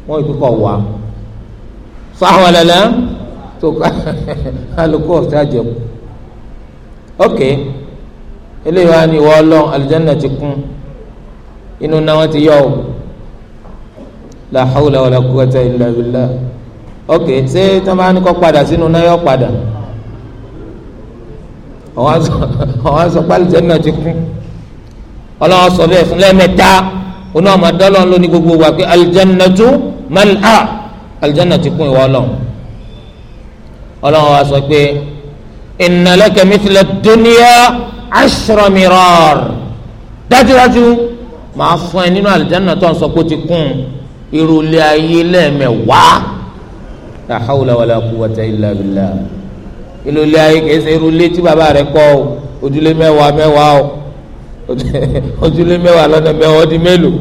Speaker 1: wọn ò kíkọ wà fáwọn ẹlẹlẹ tó ká alùpùpù ọ̀sẹ̀ àjẹkù ok eléyìí wá ní ìwọ ọlọ́run alìjẹ́nà ti kún inú náà ti yọ ọ́ la hawla wala quwwata illa billah ok ṣé tí wọ́n bá ní kọ́ padà sínú náà yọ padà ọ̀wọ́n sọ pé alìjẹ́nà ti kún ọlọ́wọ́ sọ bẹ́ẹ̀ fún lẹ́ẹ̀mẹ́ta oní ọmọ dọ́lọ́ ló ní gbogbo wa pé alijannatu mal'a alijannatu kún ìwọ ọlọ́run ọlọ́run wa sọ pé inna laka mithla dunya ashra mirar dájúdájú màá fún ẹ nínú alijanna tó ń sọ pé ó ti kún irú ilé ayé lẹ́ẹ̀mẹ́wàá la hawla wala quwwata ayé kìí ṣe tí bàbá rẹ kọ́ ojúlé mẹ́wàá mẹ́wàá [LAUGHS] ojúlé mẹ́wàá lọ́nà mẹ́wàá ọdún mélòó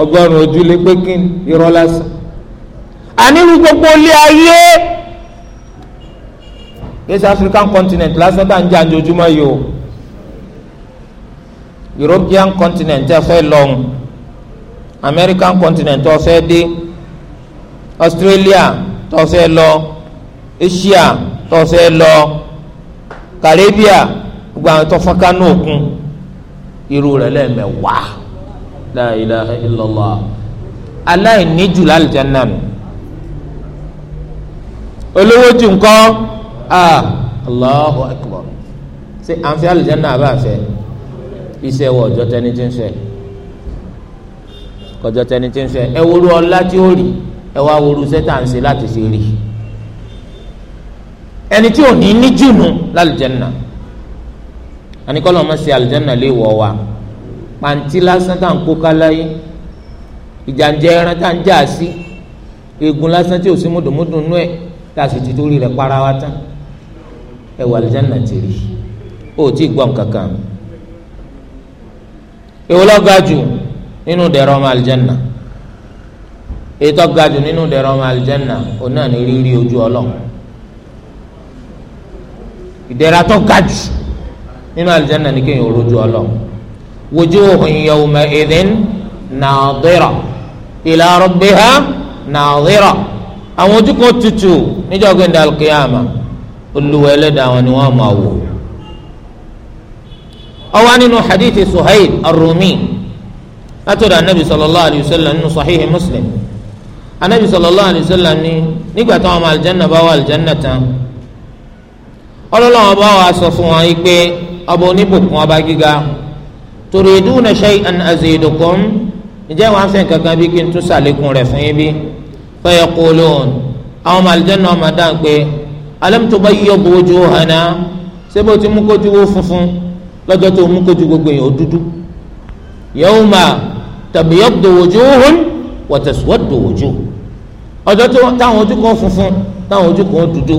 Speaker 1: ọgọ́rùn-ún ojúlé pé kí irọ́ lásán. àníwú gbogbo ilé ayé yéésì African continent lásán tá à ń jà ojoojúmọ́ yìí o European continent ẹ fẹ́ lọ́hùn American continent ọ fẹ́ dé Australia tó fẹ́ lọ Asia tó fẹ́ lọ Caribbean gbogbo àwọn tó kánú òkun irú rẹ̀ lẹ́ẹ̀mẹ̀wàá la ilaha illallah aláìní jù lálìjáná nù olówó jù ńkọ́ ah allahu akbar ṣé à ń fẹ́ alìjáná àbá fẹ́ iṣẹ́ wọ ọjọ́ tẹni tí ń fẹ́ kọjọ́ tẹni tí ń fẹ́ ẹ wúru ọlá tí ó rí ẹ wá wúru sẹ́tà láti ṣe rí ẹni tí ò ní ní nù lálìjáná anikọlọ ma ṣe alijanna lè wọ wa pàǹtí lásán tá à ń kó káláyé ìjànjẹ ẹran tá à ń jà sí egun lásán tí ò sí mùdùmùdù nú ẹ tá a sì ti torí rẹ̀ para wa tán ẹ wà alijanna ti rí o ò tí ì gbọ́n kankan èwo gaju. ga jù nínú alijanna ètò ga jù nínú dẹ̀rọ alijanna òun náà ní ojú Ọlọ́run ìdẹ̀ra tó ga nínú aljanna ni kéèyàn rojú ọlọ wujuhun yawma idhin nadira ila rabbiha nadira àwọn ojú kan tutù níjọ́ gbẹ̀ndà alkiyama olùwẹ̀ ẹlẹ́dàá wọn ni wọ́n máa wò. ọwọ́ nínú hadithi suhail arumi látọ̀dọ̀ anabi sallallahu alayhi wa sallam nínú sahihi muslim anabi sallallahu alayhi wa sallam ni nígbà táwọn ọmọ aljanna bá wà aljanna tán ọlọ́lọ́wọ́ bá wà sọ fún wọn yìí pé ọba oníbùkún ọba gíga turiduna shay'an azidukum ǹjẹ́ wàá fẹ́ kankan bí kí n tún sàlékún rẹ̀ fún yín bí fa yaqulun àwọn ọmọ àlùjànnà ọmọ dáhùn pé alam tubayyadu wujuhana ṣé bó ti mú kójú wó funfun lọ́jọ́ tó mú kójú gbogbo yẹn ó dúdú yawma tabyaddu wujuhun wa taswaddu wujuh ọjọ́ táwọn ojú kan funfun táwọn ojú kan dúdú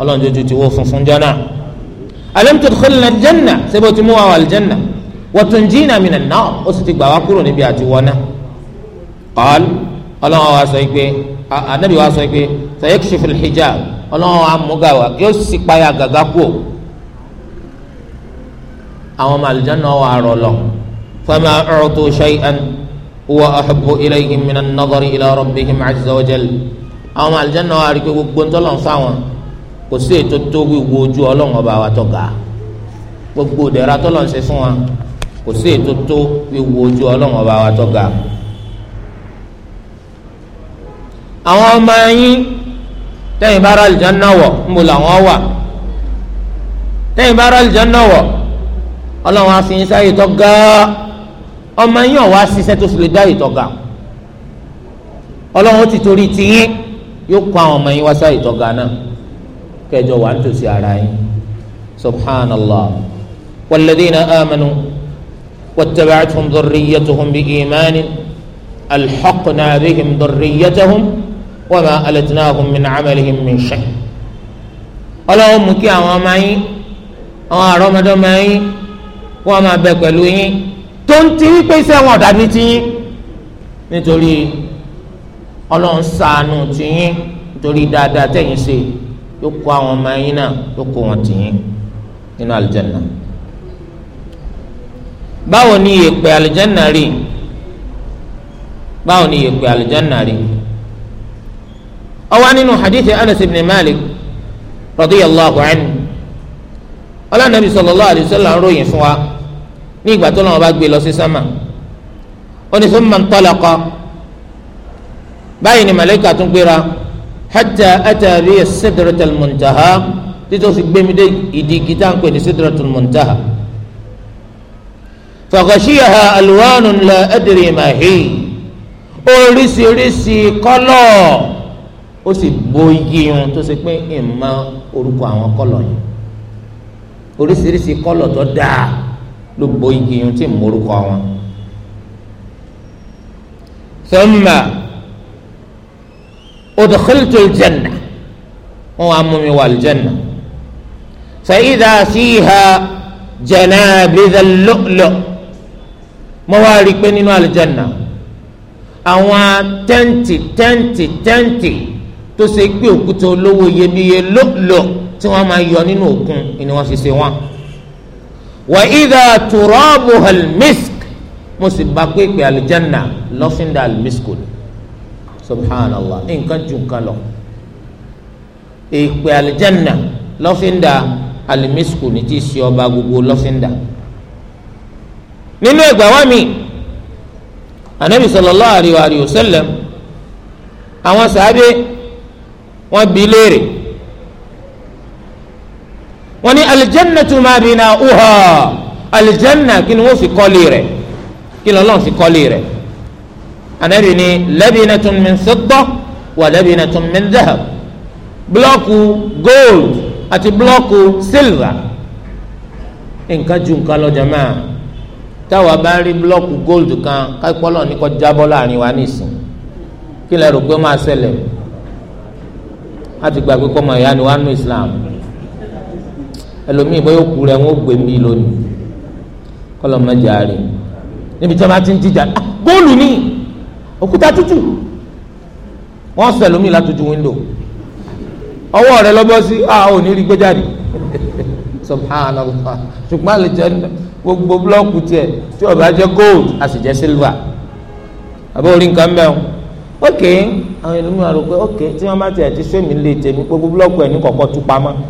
Speaker 1: ọlọ́run jọjú ti wó funfun jọ náà alam tudkhilna aljanna sẹ́bọ̀ tí mú wa wà aljanna wa tunjina minan nar ó sì ti gbà wá kúrò níbi àti wọ́ná. qal ọlọ́wọ́ wa sọ pé anabi wa sọ pé sayakshifu alhijab ọlọ́wọ́ wa mú gàwá yóò sì payà gàgà kú àwọn ọmọ aljanna wà rọ̀ lọ fama u'tu shay'an huwa ahabbu ilayhim minan nadari ila rabbihim azza wa kò sí ètò tó wíwo ojú ọlọ́run ọba wa tó ga gbogbo ìdẹ̀ra tọ́lọ̀ ń ṣe fún wa kò sí ètò tó wíwo ojú ọlọ́run ọba wa tó ga. àwọn ọmọ yín tẹ́yìn bá rálì jẹ́ náwọ̀ ńbọ làwọn wà tẹ́yìn bá rálì jẹ́ náwọ̀ ọlọ́run á fi yín sáyè tó ga ọmọ yín ọ̀wá ṣiṣẹ́ tó fi lè dá ètò ga ọlọ́run ó ti torí tiyín yóò kó àwọn ọmọ yín wá sáyè tó ga náà kẹjọ wà ń tòsí ara yín subhanallah walladhina amanu wattaba'athum dhurriyyatuhum biimanin alhaqna bihim dhurriyyatahum wama alatnahum min amalihim min shay. ọlọ́wọ́ mú kí àwọn ọmọ yín àwọn àrọ́mọdọ́mọ yín wọ́n máa bẹ pẹ̀lú yín tó ń ti wípé iṣẹ́ wọn ọ̀dà ní tiyín nítorí ọlọ́run ṣàánú tiyín nítorí dáadáa tẹ̀yìn ṣe yóò kó àwọn ọmọ yín náà yóò kó wọn tì yín nínú alìjẹ́nà báwo ni ìyèpẹ̀ alìjẹ́nà rí báwo ni ìyèpẹ̀ alìjẹ́nà rí ó wà nínú hadithi anas ibn malik radiyallahu anhu ọlọ́nàbí sallallahu alayhi wa sallam ròyìn fún wa ní ìgbà tó lọ́wọ́ bá gbé lọ sí sámà ó ní summa ntalaqa báyìí ni màlẹ́kà tún gbéra hatta atari sidratul muntaha títí ó sì gbé mi dé ìdí igi tá à ń pè ní sidratul muntaha faghashiyaha alwanun la adri ma hi oríṣiríṣi kọ́lọ̀ ó sì bo igi yun tó ṣe pé ìmọ̀ orúkọ àwọn kọ́lọ̀ yìí oríṣiríṣi kọ́lọ̀ tó dáa ló bo igi yun tí ìmọ̀ orúkọ wọn. thumma udkhiltu الجنة، wọn wàá mú mi wà aljanna fa idha fiha والجنة، lu'lu' mo wá rí i pé nínú aljanna àwọn tẹ́ǹtì tẹ́ǹtì tẹ́ǹtì tó ṣe pé òkúta olówó iyebíye lọ́lọ́ tí wọ́n máa yọ nínú òkun ni wọ́n fi ṣe wọ́n. wà ìdá tùrọ́bù almisk mo sì bá pé pé alìjánná lọ́fíńdà almisk ni subhanallah nǹkan ju nǹkan lọ ìpè alìjánná lọ́fíńdà alimisku ní ti ṣe ọba gbogbo lọ́fíńdà nínú ẹgbà wa mi anabi sallallahu alayhi wa sallam àwọn sàábé wọ́n bi léèrè wọ́n ní alìjánná tó máa bì náà uha alìjánná kí ni wọ́n fi kọ́lé rẹ̀ kí ni Ọlọ́run fi kọ́lé rẹ̀ anabi ni labinatun min fidda wa labinatun min dhahab blọọku gold àti blọọku silver nǹkan ju nǹkan lọ jama táwa bá rí blọọku gold kan kápọ́lọ́ ní kọ́ jábọ́ láàrin wa nìsín kí lè rò pé máa ṣẹlẹ̀ láti gbàgbé kọ́ mọ̀ ẹ̀yà ni wà nù Islam ẹlòmíì bóyá òkú rẹ̀ wọ́n gbé mi lónìí kọ́lọ́ mẹ́jà rẹ̀ níbi tí wọ́n bá ti ń jíjà ah, góòlù ni òkúta tútù wọ́n sọ ẹlòmíì látòjú wíńdò ọwọ́ rẹ lọ́bọ́ sí a ò ní rí gbé jáde [LAUGHS] subhanallah ṣùgbọ́n àlè jẹ́ gbogbo búlọ́ọ̀kù tiẹ̀ tí ó bá jẹ́ gold a sì jẹ́ silver àbẹ́ orí nǹkan mẹ́wọ́n ok àwọn ẹlòmíì wà ló pé ok tí wọ́n bá tiẹ̀ ti ṣé mi lè tèmi gbogbo búlọ́ọ̀kù ẹ̀ ní kọ̀kọ́ tú pamọ́ [LAUGHS]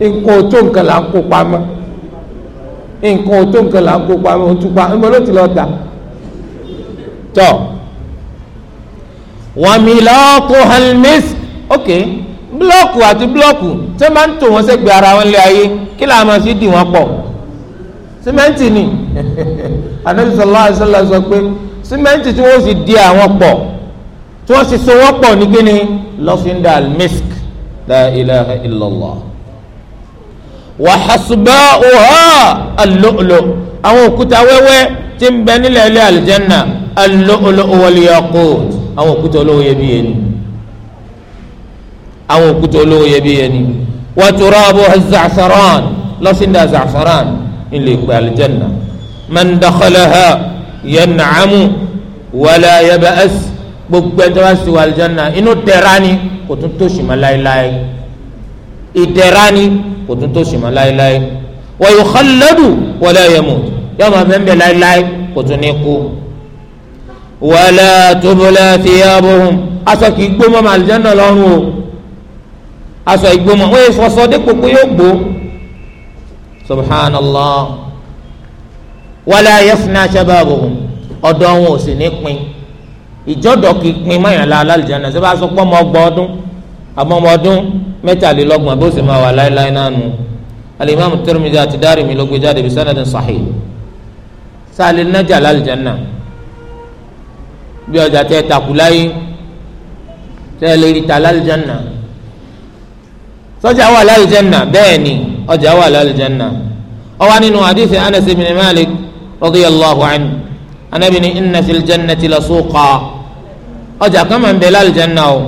Speaker 1: nǹkan tó nǹkan là ń kó pamọ́ nǹkan ò tó nǹkan là ń kó pamọ́ ò tún pa ń bọ́ ló ti lọ tà tọ́ wàmílọ́ọ̀kù halmis ok búlọ́ọ̀kù àti búlọ́ọ̀kù tí wọ́n máa ń tò wọ́n sẹ́gbẹ̀ẹ́ ara wọn lé ayé kí làá máa fi dì wọ́n pọ̀ símẹ́ǹtì ni anabi [LAUGHS] sallallahu sọ pé símẹ́ǹtì tí wọ́n sì di àwọn pọ̀ tí wọ́n sì so wọ́n pọ̀ ní kíni lọ́fíńdà misk la ilaha illallah wa hasba'uha al-lu'lu' àwọn òkúta wẹ́wẹ́ tí ń bẹ nílẹ̀ ilé aljanna al-lu'lu' wal yaqut àwọn òkúta olówó iyebíye ni àwọn òkúta olówó iyebíye ni wa turabuha az-za'faran lọ́sìndà za'faran ilé ìpè aljanna man dakhalaha yan'amu wala yab'as gbogbo ẹjọ́ bá sì wà aljanna inú tẹ̀ra ni kò tún tó sì láéláé ìdẹ̀ra ni kò tún tó sùnmọ́ láéláé wa yukhalladu wa la yamut yọọ máa bẹ́ẹ̀ bẹ́ẹ̀ láéláé kò tún ní kú. wala tubla thiyabuhum aṣọ kì í gbó mọ́ màlì jẹ́nà lọ́rùn o aṣọ ìgbó mọ́ wọ́n yẹ fọṣọ dípò pé yóò gbó subhanallah wala yafna shababuhum ọ̀dọ́ wọn ò sì ní pin ìjọ́dọ̀ kì í pin mọ́yànlá alálìjẹ́nà ṣé bá sọ pé ọmọ ọgbọ̀n ọdún àmọ́ ọmọ ọdún mẹ́tàlélọ́gbọ̀n bó sì máa wà láéláé náà nu alimami Tirmidhi àti Darimi ló gbé jáde bí sanadin sahih sáàlì nájà lálìjáná bí ọjà tẹ takù láyé tẹ lè rí ta lálìjáná sọjà wà lálìjáná bẹ́ẹ̀ ni ọjà wà lálìjáná ó wà nínú hadith Anas ibn Malik radiyallahu anhu anabini inna fil jannati la suqa ọjà kan ń bẹ lálìjáná o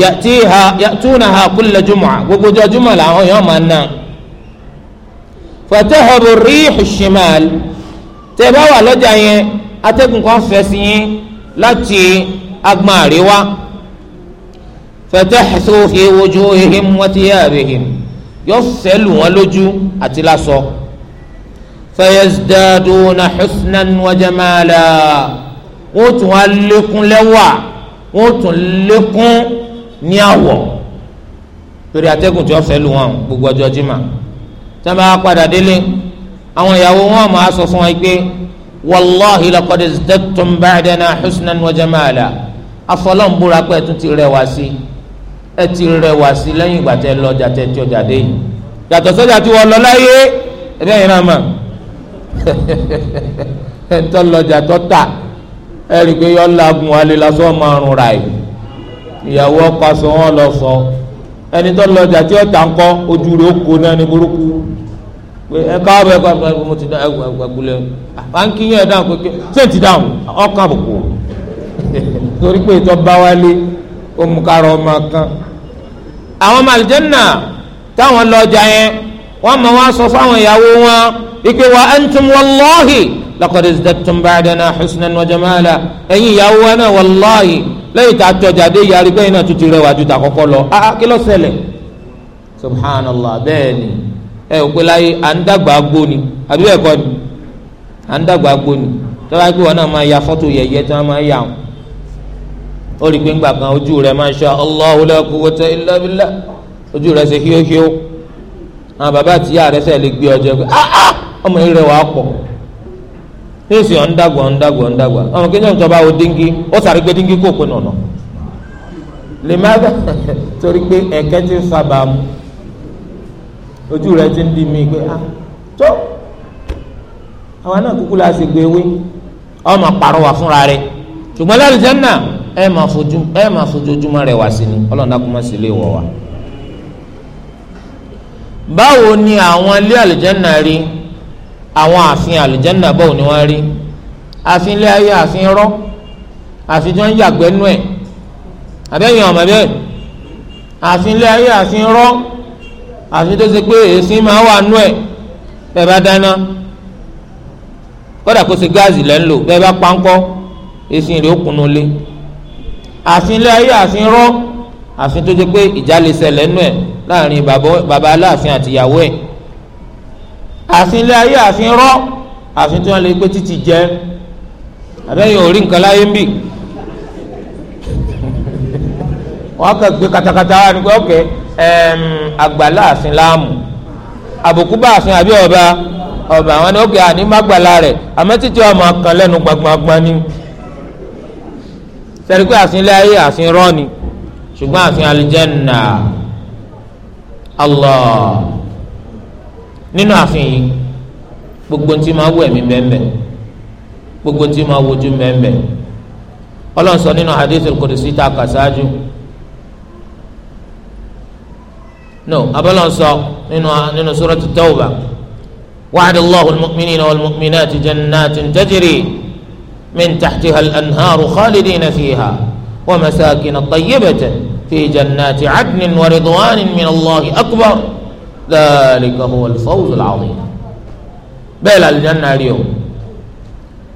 Speaker 1: yàtúnaha kulla jumu'a gbogbo ọjọ́ jumu'a làwọn yóò máa ná fatahabu rihu shimal tẹ́ bá wà lọ́jà yẹn atẹ́gùn kan fẹ́ sí yín láti agbọn àríwá fatahasu fi wujuhihim wa thiyabihim yóò fẹ́ lù wọ́n lójú àti lásọ fayazdaduna husnan wa jamala wọ́n tún wá lékún lẹ́wà wọ́n tún lékún ní àwọ̀ torí atẹ́gùn tí wọ́n fẹ́ lu wọn gbogbo ọjọ́ jimá tí wọ́n bá padà délé àwọn ìyàwó wọn máa sọ fún wọn pé wàláhi laqad izdattum ba'dana husnan wa jamala afọlọ́n búra pé ẹtún ti rẹwà sí ẹ ti rẹwà sí lẹ́yìn ìgbà tẹ lọ jà tẹ tí ọjà dé yàtọ̀ sọ́jà tí wọ́n lọ láyé ẹbí ẹ̀yin náà mọ̀ ẹ̀ ń tọ́ lọ́jà tọ́ ta ẹ̀ pé yọ ọ́ lagun alẹ́ lásán márùn-ún ra ìyàwó ọkọ sọ wọn lọ sọ ẹni tó lọ jà tí ó ta ńkọ ojú rẹ̀ ó kó náà ní burúkú pé ẹ káwọ ẹ káwọ ẹ mo ti dá ẹgbẹgbẹgbẹlẹ à ń kíyàn ẹ dáhùn pé ṣé ti dáhùn ọkọ àbùkù [LAUGHS] torí pé ìtọ́ bá wálé ó mú kárọ̀ ọmọ kan àwọn ọmọ àlùjànnà táwọn lọ jà yẹn wọ́n mọ̀ wá sọ fáwọn ìyàwó wọn ìpè wà antum wallahi laqad izdattum ba'dana husnan wa jamala ẹ̀yin ìyàwó wa náà wàláyé lẹ́yìn tá a tọ́jà dé yarí bẹ́ẹ̀ náà tuntun rẹwà ju tà kọ́kọ́ lọ ah, ah kí ló ṣẹlẹ̀ subhanallah bẹ́ẹ̀ ni ẹ ò pé láyé à ń dàgbà agbó ni àbí bẹ́ẹ̀ kọ́ ni à ń dàgbà agbó ni tọ́lá gbé wọn náà máa ya fọ́tò yẹ̀yẹ́ tí wọ́n máa yà wọn ó rí i pé ńgbà kan ojú rẹ̀ masha Allah la quwwata illa billah ojú rẹ̀ ṣe híóhíó àwọn bàbá àtìyá rẹ̀ sẹ́ẹ̀ lè gbé ọjọ́ pé ah, ah, ọmọ yìí rẹwà pọ̀ yéésù ọ̀ ń dàgbà ọ̀ ń dàgbà ọ̀ ń dàgbà ọ̀nà kí ní ìjọba wo dínkì ó sàrí pé dínkì kò pé nànà lè má dà torí pé ẹ̀kẹ́ ti ń sábà mu ojú rẹ̀ ti ń di mí pé ah tó àwa náà kúkú la sì gbé ewé ọmọ pàrọ̀ wà fúnra rẹ̀ ṣùgbọ́n láti jẹ́ náà ẹ máa fojú ẹ máa fojoojúmọ́ rẹ̀ wá sí ni ọlọ́ọ̀dà kò lè wọ̀ wá. báwo ni àwọn ilé àlùjẹ́ náà rí àwọn ààfin àlùjánnà bọ̀ ni wọ́n rí ààfin ilé ayé ààfin rọ́ ààfin tí wọ́n yàgbẹ́ nú ẹ̀ àbẹ́yìn ọ̀mọ̀ bẹ́ẹ̀ ààfin ilé ayé ààfin rọ́ ààfin tó ṣe pé èéfín máa wà nú ẹ̀ bẹ́ẹ̀ bá dáná kódà kó ṣe gáàsì lẹ́ ń lò bẹ́ẹ̀ bá pánkọ́ èéfín rẹ̀ ó kùnú lé ààfin ilé ayé ààfin rọ́ ààfin tó ṣe pé ìjà ṣẹlẹ̀ nú ẹ̀ láàrin bàbá aláàfin àtìyàwó ẹ̀ àfin ilé ayé àfin rọ àfin tí wọn lè gbé títí jẹ àbẹ́yìn ò nǹkan láyé ń bì wọn gbé katakata wa ni pé ok àgbàlá àfin láàmù àbùkù bá ọba ọba àwọn ni ok àní má rẹ títí ọmọ kan gbangban ni pé àfin rọ ni àfin Allah. nínú ààfin yìí gbogbo ntí máa wọ ẹ̀mí bẹ́ẹ̀mẹ́ gbogbo ntí máa wojú bẹ́ẹ̀mẹ́ Ọlọ́run sọ nínú hadithul qudsi tá a kà sáájú no abọ́lọ́run sọ nínú nínú suratu tawba wa'ada Allahu al-mu'minina wal-mu'minati jannatin tajri min tahtiha al-anharu khalidina fiha wa masakin tayyibatan fi jannati adnin wa ridwanin min Allahi akbar dhalika huwal fawzul azim bẹ́ẹ̀ làlùjáná rí o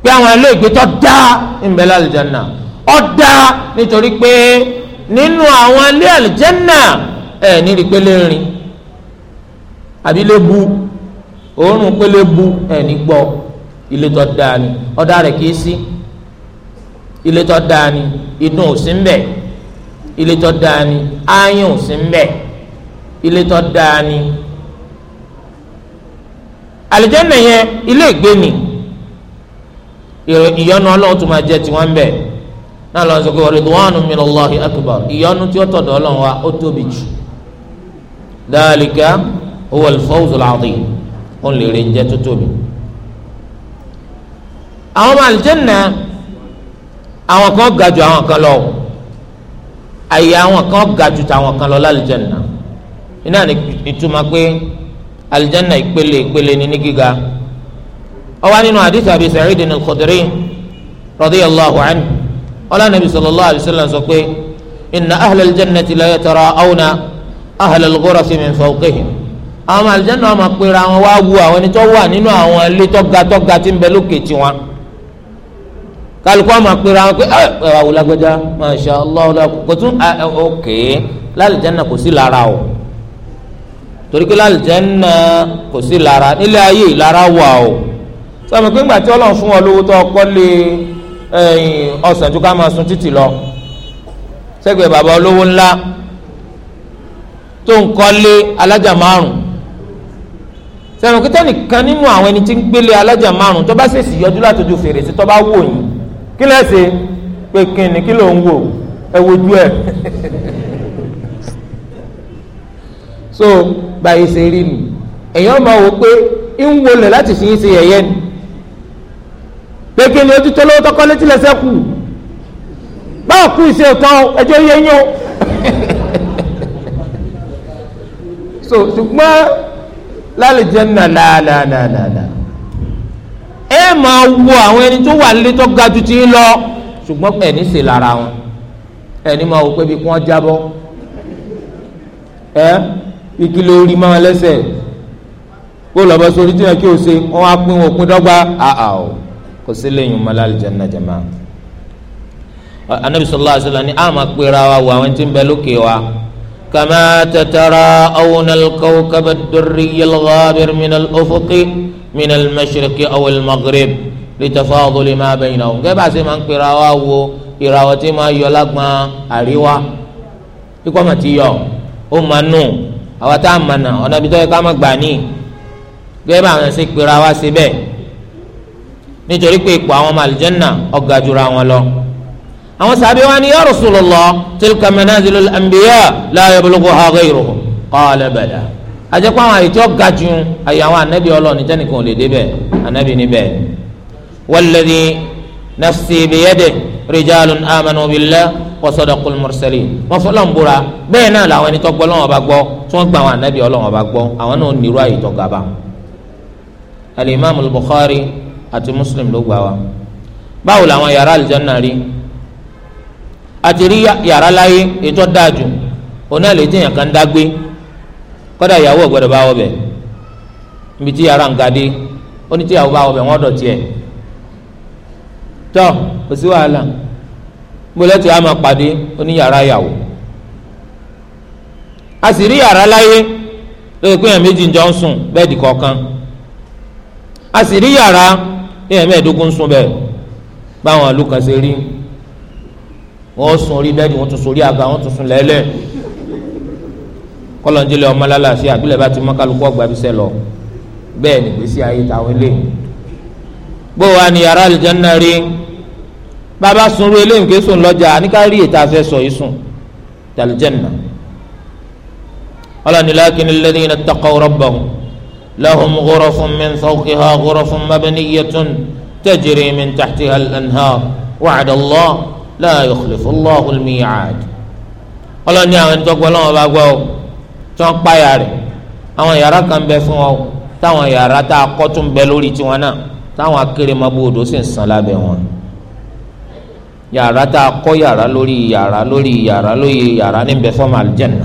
Speaker 1: pé àwọn ilé ìgbé tó dá ìbẹ̀ làlùjáná ó dá nítorí pé nínú àwọn ilé àlùjáná ẹ̀ ní rí pélé rin àbí lè bu òórùn pélé bu ẹ̀ ní gbọ́ ilé dá ni ọ̀dà rẹ̀ kìí sí ilé dá ni inú ò bẹ̀ ilé dá ni áyàn ò bẹ̀ ilé dá ni àlùjánnà yẹn ilé ìgbé ni ìyọ́nú Ọlọ́run tó máa jẹ tiwọn ń bẹ náà lọ sọ pé ridwanu minallahi akbar ìyọ́nú tí ó tọ̀dọ̀ Ọlọ́run wa ó tóbi jù dhalika huwa al-fawzul azim òun lè rè jẹ tó tóbi. àwọn ọmọ àlùjánnà àwọn kan ga jù àwọn kan lọ àyè àwọn kan ga jù tàwọn kan lọ lálùjánnà iná ni ìtumọ̀ pé alijanna ìpele ìpele ní ní gíga ó wà nínú hadith Abi Sa'id al-Khudri radiyallahu anhu ọlá nàbí sallallahu alayhi wa sallam sọ pé inna ahla aljannati la yatara'awna ahla al-ghuraf min fawqihim àwọn alijanna wọn máa pera wọn wá wu àwọn ẹni tó wà nínú àwọn ilé tọ́ga tọ́ga tí ń bẹ lókè tiwọn kálukú àwọn máa pera wọn pé ẹ ah, ẹ wà wò masha Allah kò tún ah, ok lálẹ́ jẹ́nà kò sí lára o torí pé lálùjẹ́nà kò sí lára nílé ayé ìlara wà o sọmi pé ńgbà tí ọlọ́run fún wọn lówó tó ọkọ lé ọ̀sán tó ká máa sun títì lọ sẹ́gbẹ̀ẹ́ bàbá olówó ńlá tó ń kọ́lé alájà márùn sẹ́mi pé tẹ́nìkan nínú àwọn ẹni tí ń gbélé alájà márùn tó bá ṣèṣì yọjú látọjú fèrèsé tó bá wò yín kí lẹ́sẹ̀ pé kí ni kí ló ń wò ẹ wojú ẹ [LAUGHS] so báyìí ṣe rí nu èèyàn máa wò pé ń wọlé láti fi ń ṣe yẹ̀yẹ́ ni pé kí ni ojú tó lówó tọkọ létí lẹsẹ kù báwo kú ìṣe ọ̀tọ̀ ẹjọ́ yẹ yín o [LAUGHS] so ṣùgbọ́n lálejò nà nànànànà ẹ máa wo àwọn ẹni tó wà nílé tó ga jù ti ń lọ ṣùgbọ́n ẹni ṣe lára wọn ẹni máa wò pé bí kí wọ́n jábọ́ ẹ. Eh? igi lórí máa lẹ́sẹ̀ bó lọ́bọ sórí tí wọn kí o ṣe wọn á pín òpin dọ́gba àà o kò sí lẹ́yìn ọmọlá àlùjáná jama anabi sallallahu alaihi wasallam ni a máa pera wa wo àwọn tí ń bẹ lókè wa kama tatara awonal kawkaba dori yalgabir minal ofoki minal mashiriki awal magreb litafa ọdọlẹ máa bẹ yìnyín gẹ́gẹ́ bá a ṣe máa ń pera wa wo ìràwọ̀ tí máa yọ lágbọn àríwá ikọ́ mà ti yọ ó máa nù àwa tá a mànà ọ̀nà ibi tó yẹ ká má gbà ní gbé bá àwọn ṣe pera wá sí bẹ́ẹ̀ nítorí pé ipò àwọn ọmọ àlùjànnà ọ̀gá jura wọn lọ. àwọn sàbí wa ni ya Rasulullah tilka manazilul anbiya la yablughuha ghayruhum qala bala àjẹpọ̀ àwọn àyètí ọ̀gá ju àyè àwọn ànábì ọlọ́ọ̀ni tẹ́nìkan ò lè débẹ̀ ànábì níbẹ̀. walladhi nafsi biyadihi rijalun amanu billah wa sadaqul wọ́n fọlọ́ tí wọ́n gba àwọn anabi ọlọ́run ọba gbọ́ àwọn náà nírú àyè tó bá alimami bukhari àti muslim ló gbà wá báwo làwọn yàrá àlùjánnà rí àti rí yàrá láyé ètò dáàjù òun náà lè dín yàn kan dágbé kódà ìyàwó ọ̀gbọ́dọ̀ bá wọ bẹ̀ níbi tí yàrá ń ga dé ó tí ìyàwó bá wọ bẹ̀ dọ̀tí ẹ̀ tọ́ kò sí wàhálà gbọ́dọ̀ tí pàdé ó yàrá yàwó a sì rí yàrá láyé lórí pé èèyàn méjì jọ ń sùn bẹ́ẹ̀dì kọ̀ọ̀kan a sì rí yàrá èèyàn mẹ́ẹ̀ẹ́dógún ń sùn bẹ́ẹ̀ báwọn àlù kan ṣe rí wọ́n sùn orí bẹ́ẹ̀dì wọ́n tún sùn orí àga wọ́n tún sùn lẹ́lẹ̀ kọ́lọ́njẹ́lẹ̀ ọmọ lálàáfíà àbílẹ̀ bá ti mọ́ kálukú ọgbà bíṣẹ́ lọ bẹ́ẹ̀ nìgbésí ayé táwọn eléyìí bó wa ni yàrá àlìjáná rí bàbá sunru eléyìí kì í sùn lọ́jà àníká rí ètò àfẹsọ̀ yìí sùn tàlìjáná ọlọ́ni lákìní lẹ́dínlẹ́ taqaw rabbahum lahum ghurafun min fawqiha ghurafun mabniyyatun tajri min tahtiha al-anhar wa'ada Allah la yukhlifu Allahu al-mi'ad ọlọ́ni tó gbọ́ lọ́wọ́ bá gbọ́ tí wọ́n páyà rẹ̀ kan bẹ fún ọ táwọn yàrá tá a kọ́ bẹ lórí tiwọn náà táwọn akérèmọ́bù odò sì ń san lábẹ́ wọn yàrá tá a kọ́ yàrá lórí yàrá lórí yàrá lórí yàrá níbẹ̀ fọ́ọ̀mù àlùjànnà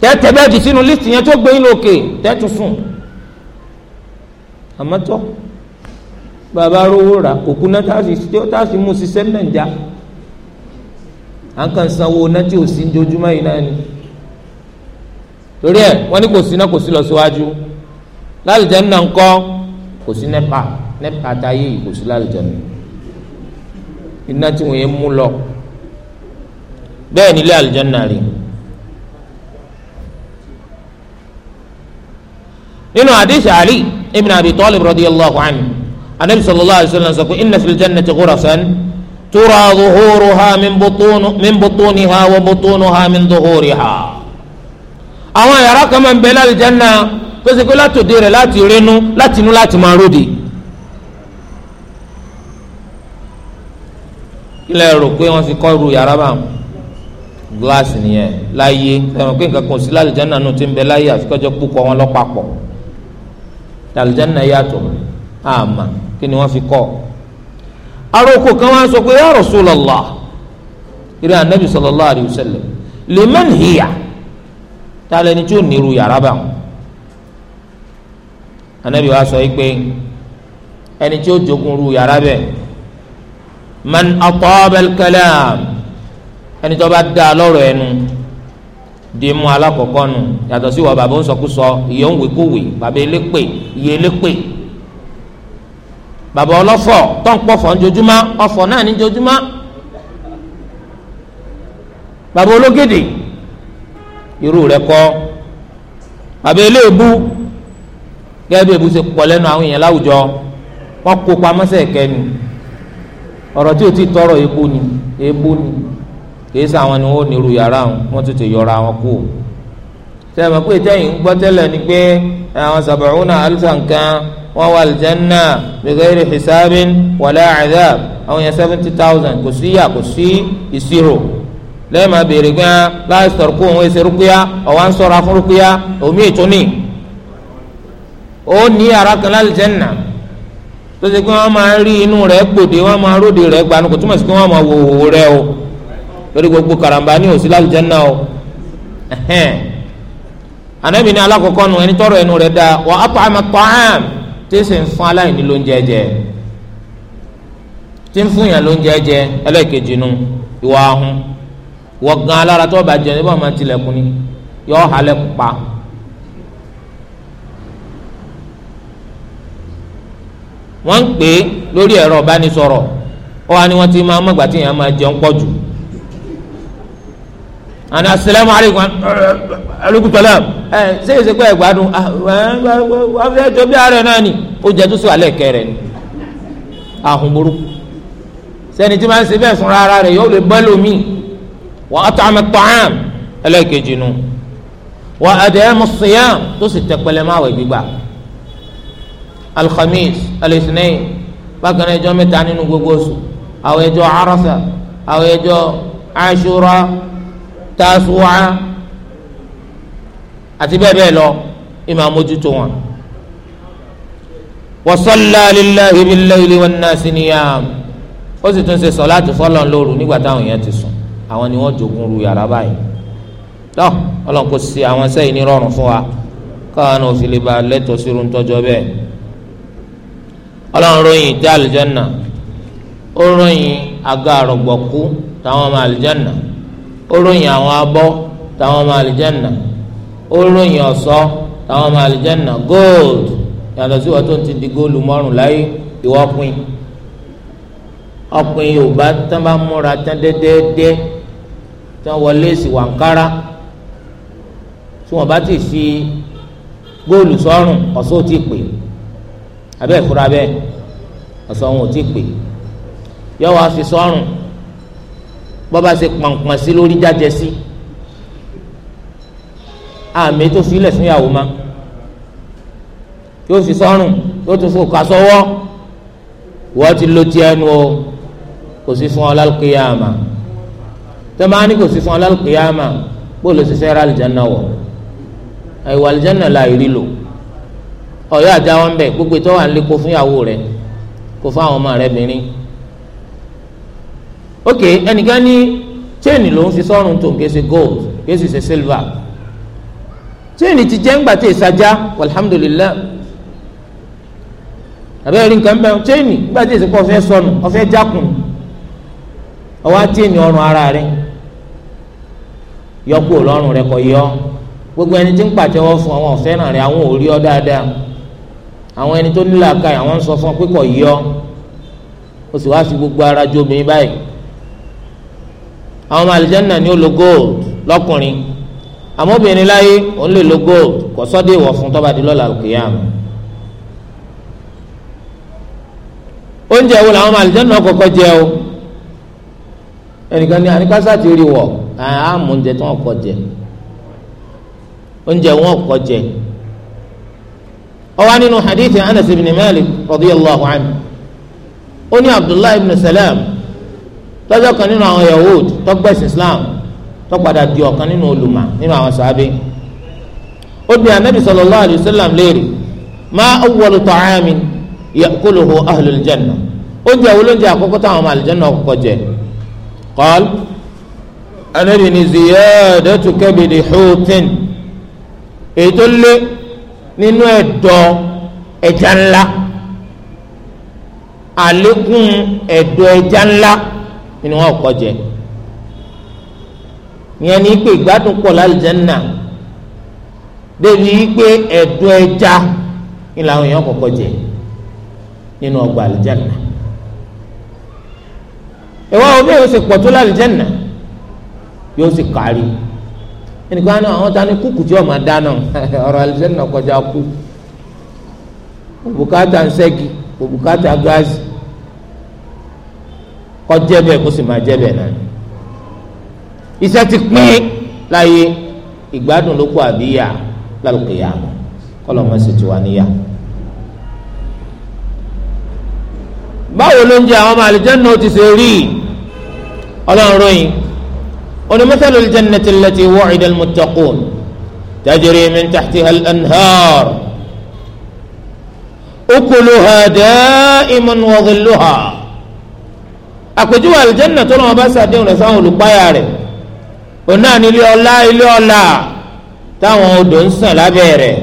Speaker 1: tẹ́tẹ́ bẹ́ẹ̀dì sínú lísì yẹn tó gbé yín lókè tẹ́tù sùn àmọ́ tọ́ bàbá rówó rà òkú náà táàsì tí ó táàsì mú ṣiṣẹ́ nàìjà à ń kàn sanwó náà tí ò sí ojoojúmọ́ yìí náà ni torí ẹ̀ wọ́n ní kò sí náà kò sí lọ síwájú lálùjẹ́ náà ń kò sí nẹ́pà nẹ́pà táyé yìí kò sí lálùjẹ́ náà iná tí wọ́n yẹn mú lọ bẹ́ẹ̀ nílé àlùjẹ́ náà rí nínú hadith Ali ibn Abi Talib radiyallahu anhu anabi sallallahu alayhi wa sallam sọ pé inna fil jannati ghurasan tura zuhuruha min butuniha wa butunuha min zuhuriha. àwọn yàrá kan máa ń bẹ láti janna tó ṣe pé látòdì rẹ̀ láti rinú láti inú láti máa ròde. ilẹ̀ rò pé wọ́n ti kọ́ ru yàrá bá wọn gíláàsì nìyẹn láyé sẹ́wọ̀n pé nǹkan kan sí láti janna náà ti ń bẹ láyé àfikọ́jọ́ púpọ̀ wọn lọ́pàpọ̀ tàlùjáná yàtọ̀ àmà kí ni wọ́n fi kọ́ aróko kan wá sọ pé ya Rasulullah eré anabi sallallahu alayhi wa sallam liman hiya tààlẹ́ ni tí ò nírú yàrá bá wọn anabi wa sọ yìí pé ẹni tí ó jogun ru yàrá bẹ́ẹ̀ man ataba al-kalam ẹni tó bá dá lọ́rọ̀ ẹnu dimu alakọkọ nu yàtọ̀ sí wa bàbá ńsọkúsọ ìyẹ ńwèkúwè bàbá elépè ìyẹ elépè bàbá ọlọ́fọ̀ tọ́ǹpọ̀fọ̀ ńjojúmọ́ ọ̀fọ̀ náà níjojúmọ́ bàbá ológèdè irú rẹ̀ kọ́ bàbá eléèbú gẹ́gẹ́ bí ebu ṣe pọ̀ lẹ́nu àwọn èèyàn láwùjọ wọ́n kó pamọ́sẹ̀ kẹ́ni ọ̀rọ̀ tí o ti tọrọ èèbó ni èèbó ni kìí sọ àwọn ni wọn ò ní irú yàrá wọn wọn tètè yọra wọn kú sẹ́yìn mọ̀ pé ìtẹ́yìn ń gbọ́ tẹ́lẹ̀ ni pé àwọn sàbàrúnà alfa nǹkan wọn wà aljanna bighairi hisabin wala azab àwọn yẹn seventy thousand kò sí yà kò sí ìṣirò lẹ́yìn béèrè gan láì kó òun èsè rúkúyà ọ̀wá ń sọ̀rọ̀ afún rúkúyà omi ìtúni ó ní yàrá kan láljanna tó ṣe pé wọ́n máa rí inú rẹ̀ gbòde wọ́n máa róde rẹ̀ gbanú kò túmọ̀ sí pé wọ́n máa wò wò rẹ̀ o lórí gbogbo karamba ní òsì lálùjáná o anabi ní alakoko nu ẹni tọrọ ẹnu rẹ̀ da wa at'ama at'am tẹsẹ ń fún aláìní ló ń jẹjẹ tí ń fún yàn ló ń jẹjẹ ẹlẹ́ẹ̀kejì nu ìwà ahun wọ gan alára tó bá jẹ níbọn máa tilẹ̀kùn ni yọ halẹ̀ pa. wọ́n ń pè é lórí ẹ̀rọ ìbánisọ̀rọ̀ ó wá ní wọ́n ti máa mọ̀gbà tí yàn máa jẹun pọ̀ jù àná asalaamu aleykum aleykum salaam eh, ẹ ṣé èsì pé ẹgbàdùn afẹ́jọ ah, bí ara náà ni ó jẹ́ tó sọ alẹ́ kẹrẹ ni ahùn burúkú sẹ́ni tí máa ń ṣe bẹ́ẹ̀ sùn rárá rẹ̀ yóò lè bọ́ lómi wọ́n á tọ́ àmì tọ́ àm ẹlẹ́ẹ̀kejì nu wọ́n á dẹ́ mu siyam tó sì tẹ́ pẹlẹ́ máa wẹ̀ gbígbà alhamis alisnei bákan ẹjọ́ gbogbo oṣù àwọn arasa àwọn ashura tasuwa àti bẹ́ẹ̀ bẹ́ẹ̀ lọ ìmọ̀ àmójútó wọn. wa salla lillahi bil layli wan nasi niyam ó sì tún ṣe sọ̀láàtì fọ́lọ́n lóru nígbà táwọn èèyàn ti sùn àwọn ni wọ́n jogun ru yàrá báyìí. tọ́ ọlọ́run kò sí àwọn sẹ́yìn ní rọrùn fún wa káwọn ò sì lè ba lẹ́tọ̀ọ́ sí irun tọ́jọ́ bẹ́ẹ̀. ọlọ́run ròyìn ìjà àlùjànnà ó ròyìn àga àrọ̀gbọ̀kú táwọn ọmọ àlùjànnà ó ròyìn àwọn abọ́ táwọn ọmọ àlìjẹ́nà ó ròyìn ọ̀ṣọ́ táwọn ọmọ àlìjẹ́nà gold yàtọ̀ sí wọ́n tó ti di góòlù mọ́rùn láyé ìwọ́ pin ọ̀pin yorùbá tán bá múra tán déédéé tán wọlé sí wàǹkárá tí wọ́n bá ti fi góòlù sọ́rùn ọ̀ṣọ́ ò tí ì pè abẹ́ ìfura bẹ́ẹ̀ ọ̀ṣọ́ wọn ò tí ì pè yọ wá fi sọ́rùn. So bọ́ba ṣe pọ̀npọ̀n sí lórí jájẹ sí àmì tó sílẹ̀ fún ìyàwó ma yóò fi sọ́rùn yóò tún fò ká sọ́wọ́ wọ́n ti lo tiẹ̀ nu o kò sí fún ọ lálùkìyàmà tẹ́mání kò sí fún ọ lálùkìyàmà bóòlù ṣiṣẹ́ ra àlìjáná wọ̀ àìwà àlìjáná la ìrí lò ọ̀yọ́ àjáwọ́ ń bẹ̀ gbogbo ìtọ́wà ń lé kó fún ìyàwó rẹ̀ kó fún àwọn ọmọ rẹ̀ bìnrin ok ẹnìkan ní chain ló ń fi sọ́run tó kìí ṣe gold kìí sì silver chain ti jẹ́ ńgbà tí ìsajá alhamdulilayi àbẹ́rẹ́ rí nǹkan bẹ́ẹ̀ chain ńgbà tí ìsìnkú ọ̀fẹ́ sọnù ọ̀fẹ́ jákùn ọwọ́ chain ọrùn ara rẹ yọkú ọlọ́run rẹ kọ yọ gbogbo ẹni tí ń pàtẹ́wọ́ fún àwọn ọ̀fẹ́ náà rẹ àwọn ò rí ọ dáadáa àwọn ẹni tó nílò àkàyè àwọn sọ fún ọ pé kọ yọ ó sì wá fi gbogbo ara jó obìnrin báyìí àwọn ọmọ alìjẹ́nà ni ó lo gold lọ́kùnrin àmọ́ obìnrin láyé òun lè lo gold kò sọ́dọ̀ ìwọ̀ fún tọ́ba di lọ́la òkèèyàn. oúnjẹ wo làwọn ọmọ alìjẹ́nà kọ́kọ́ jẹ o ẹnìkan ní anìkásá ti rí wọ̀ àmọ́ oúnjẹ tí wọ́n kọ́ jẹ oúnjẹ wọn kọ́ jẹ ó nínú hadithi Anas ibn Malik radiyallahu anhu ó ní Abdullahi ibn Salam lọ́jọ́ kan nínú àwọn yahood tọ́gbẹ́sì islam tó padà di ọ̀kan nínú olùmọ̀ nínú àwọn sàábé ó bi anabi sallallahu alayhi wa sallam léèrè ma awwalu ta'amin ya'kuluhu ahlul janna oúnjẹ wo lóúnjẹ àkọ́kọ́ táwọn ọmọ àlùjànnà kọ́kọ́ jẹ qal anabi ni ziyadatu kabidi hutin èyí lé nínú ẹ̀dọ̀ ẹja ńlá àlékún ẹ̀dọ̀ ẹja ńlá ni wọn kọ́ jẹ ìyẹn ni pé ìgbádùn pọ̀ lálùjánnà débi pé ẹ̀dùn ẹja ni làwọn èèyàn kọ́kọ́ jẹ nínú ọgbà àlùjánnà ìwọ àwọn obìnrin yóò ṣe pọ̀ tó lálùjánnà yóò ṣe kárí ẹnìkan náà àwọn tani kúkú tí wọn máa dáná [LAUGHS] ọ̀rọ̀ àlùjánnà kọjá kú òbúkátà ń ṣẹ́gi òbúkátà gáàsì kọjẹ́ bẹ́ẹ̀ kó sì máa jẹ́ bẹ́ẹ̀ náà iṣẹ́ ti pín láyé ìgbádùn ló kó àbíyá lálùkìyà kọ́lọ́ mọ́ sì ti wà níyà. báwo ló ń jẹ àwọn ọmọ àlìjẹ́nà ti ṣe rí ọlọ́run ròyìn onímọ̀tàlù àlìjẹ́nàtì lẹ́tì wọ́ọ̀dà mọ̀tàkùn tajiri min taxti hal anhaar ukuluha daa'iman wa àpèjúwe àlùjẹ́nà tó lọ́wọ́ bá ṣàdéhùn rẹ̀ sáwọn olùpáyà rẹ̀ òun náà ní ilé ọlá ilé ọlá táwọn odò ń sàn lábẹ́ rẹ̀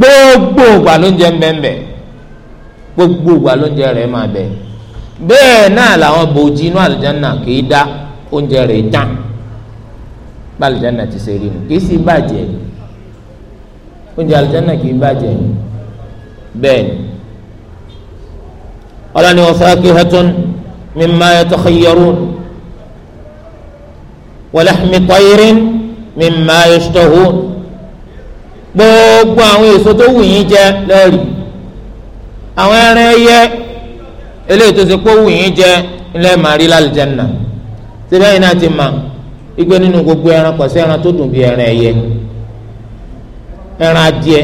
Speaker 1: gbogbo ìgbà ló ń jẹ mbẹ́mbẹ́ gbogbo ìgbà ló ń jẹ rẹ̀ máa bẹ̀ bẹ́ẹ̀ náà làwọn bòójì inú àlùjẹ́nà kì dá oúnjẹ rẹ̀ tán bá àlùjẹ́nà ti ṣe rí nu kì sì bàjẹ́ oúnjẹ àlùjẹ́nà kì bàjẹ́ bẹ́ẹ̀ ni ọlọ́ni wọ́n fẹ́ kí hẹ́tọ́nù. مما يتخيرون ولحم طير مما يشتهون gbogbo àwọn èso tó wù yín jẹ lẹ́rì àwọn ẹran ẹyẹ eléyìí tó ṣe pé wù yín jẹ ńlẹ́ màá rí lálùjánnà síbẹ̀ yìí náà ti mà igbe nínú gbogbo ẹran kò ẹran tó dùn bí ẹran ẹyẹ ẹran adìẹ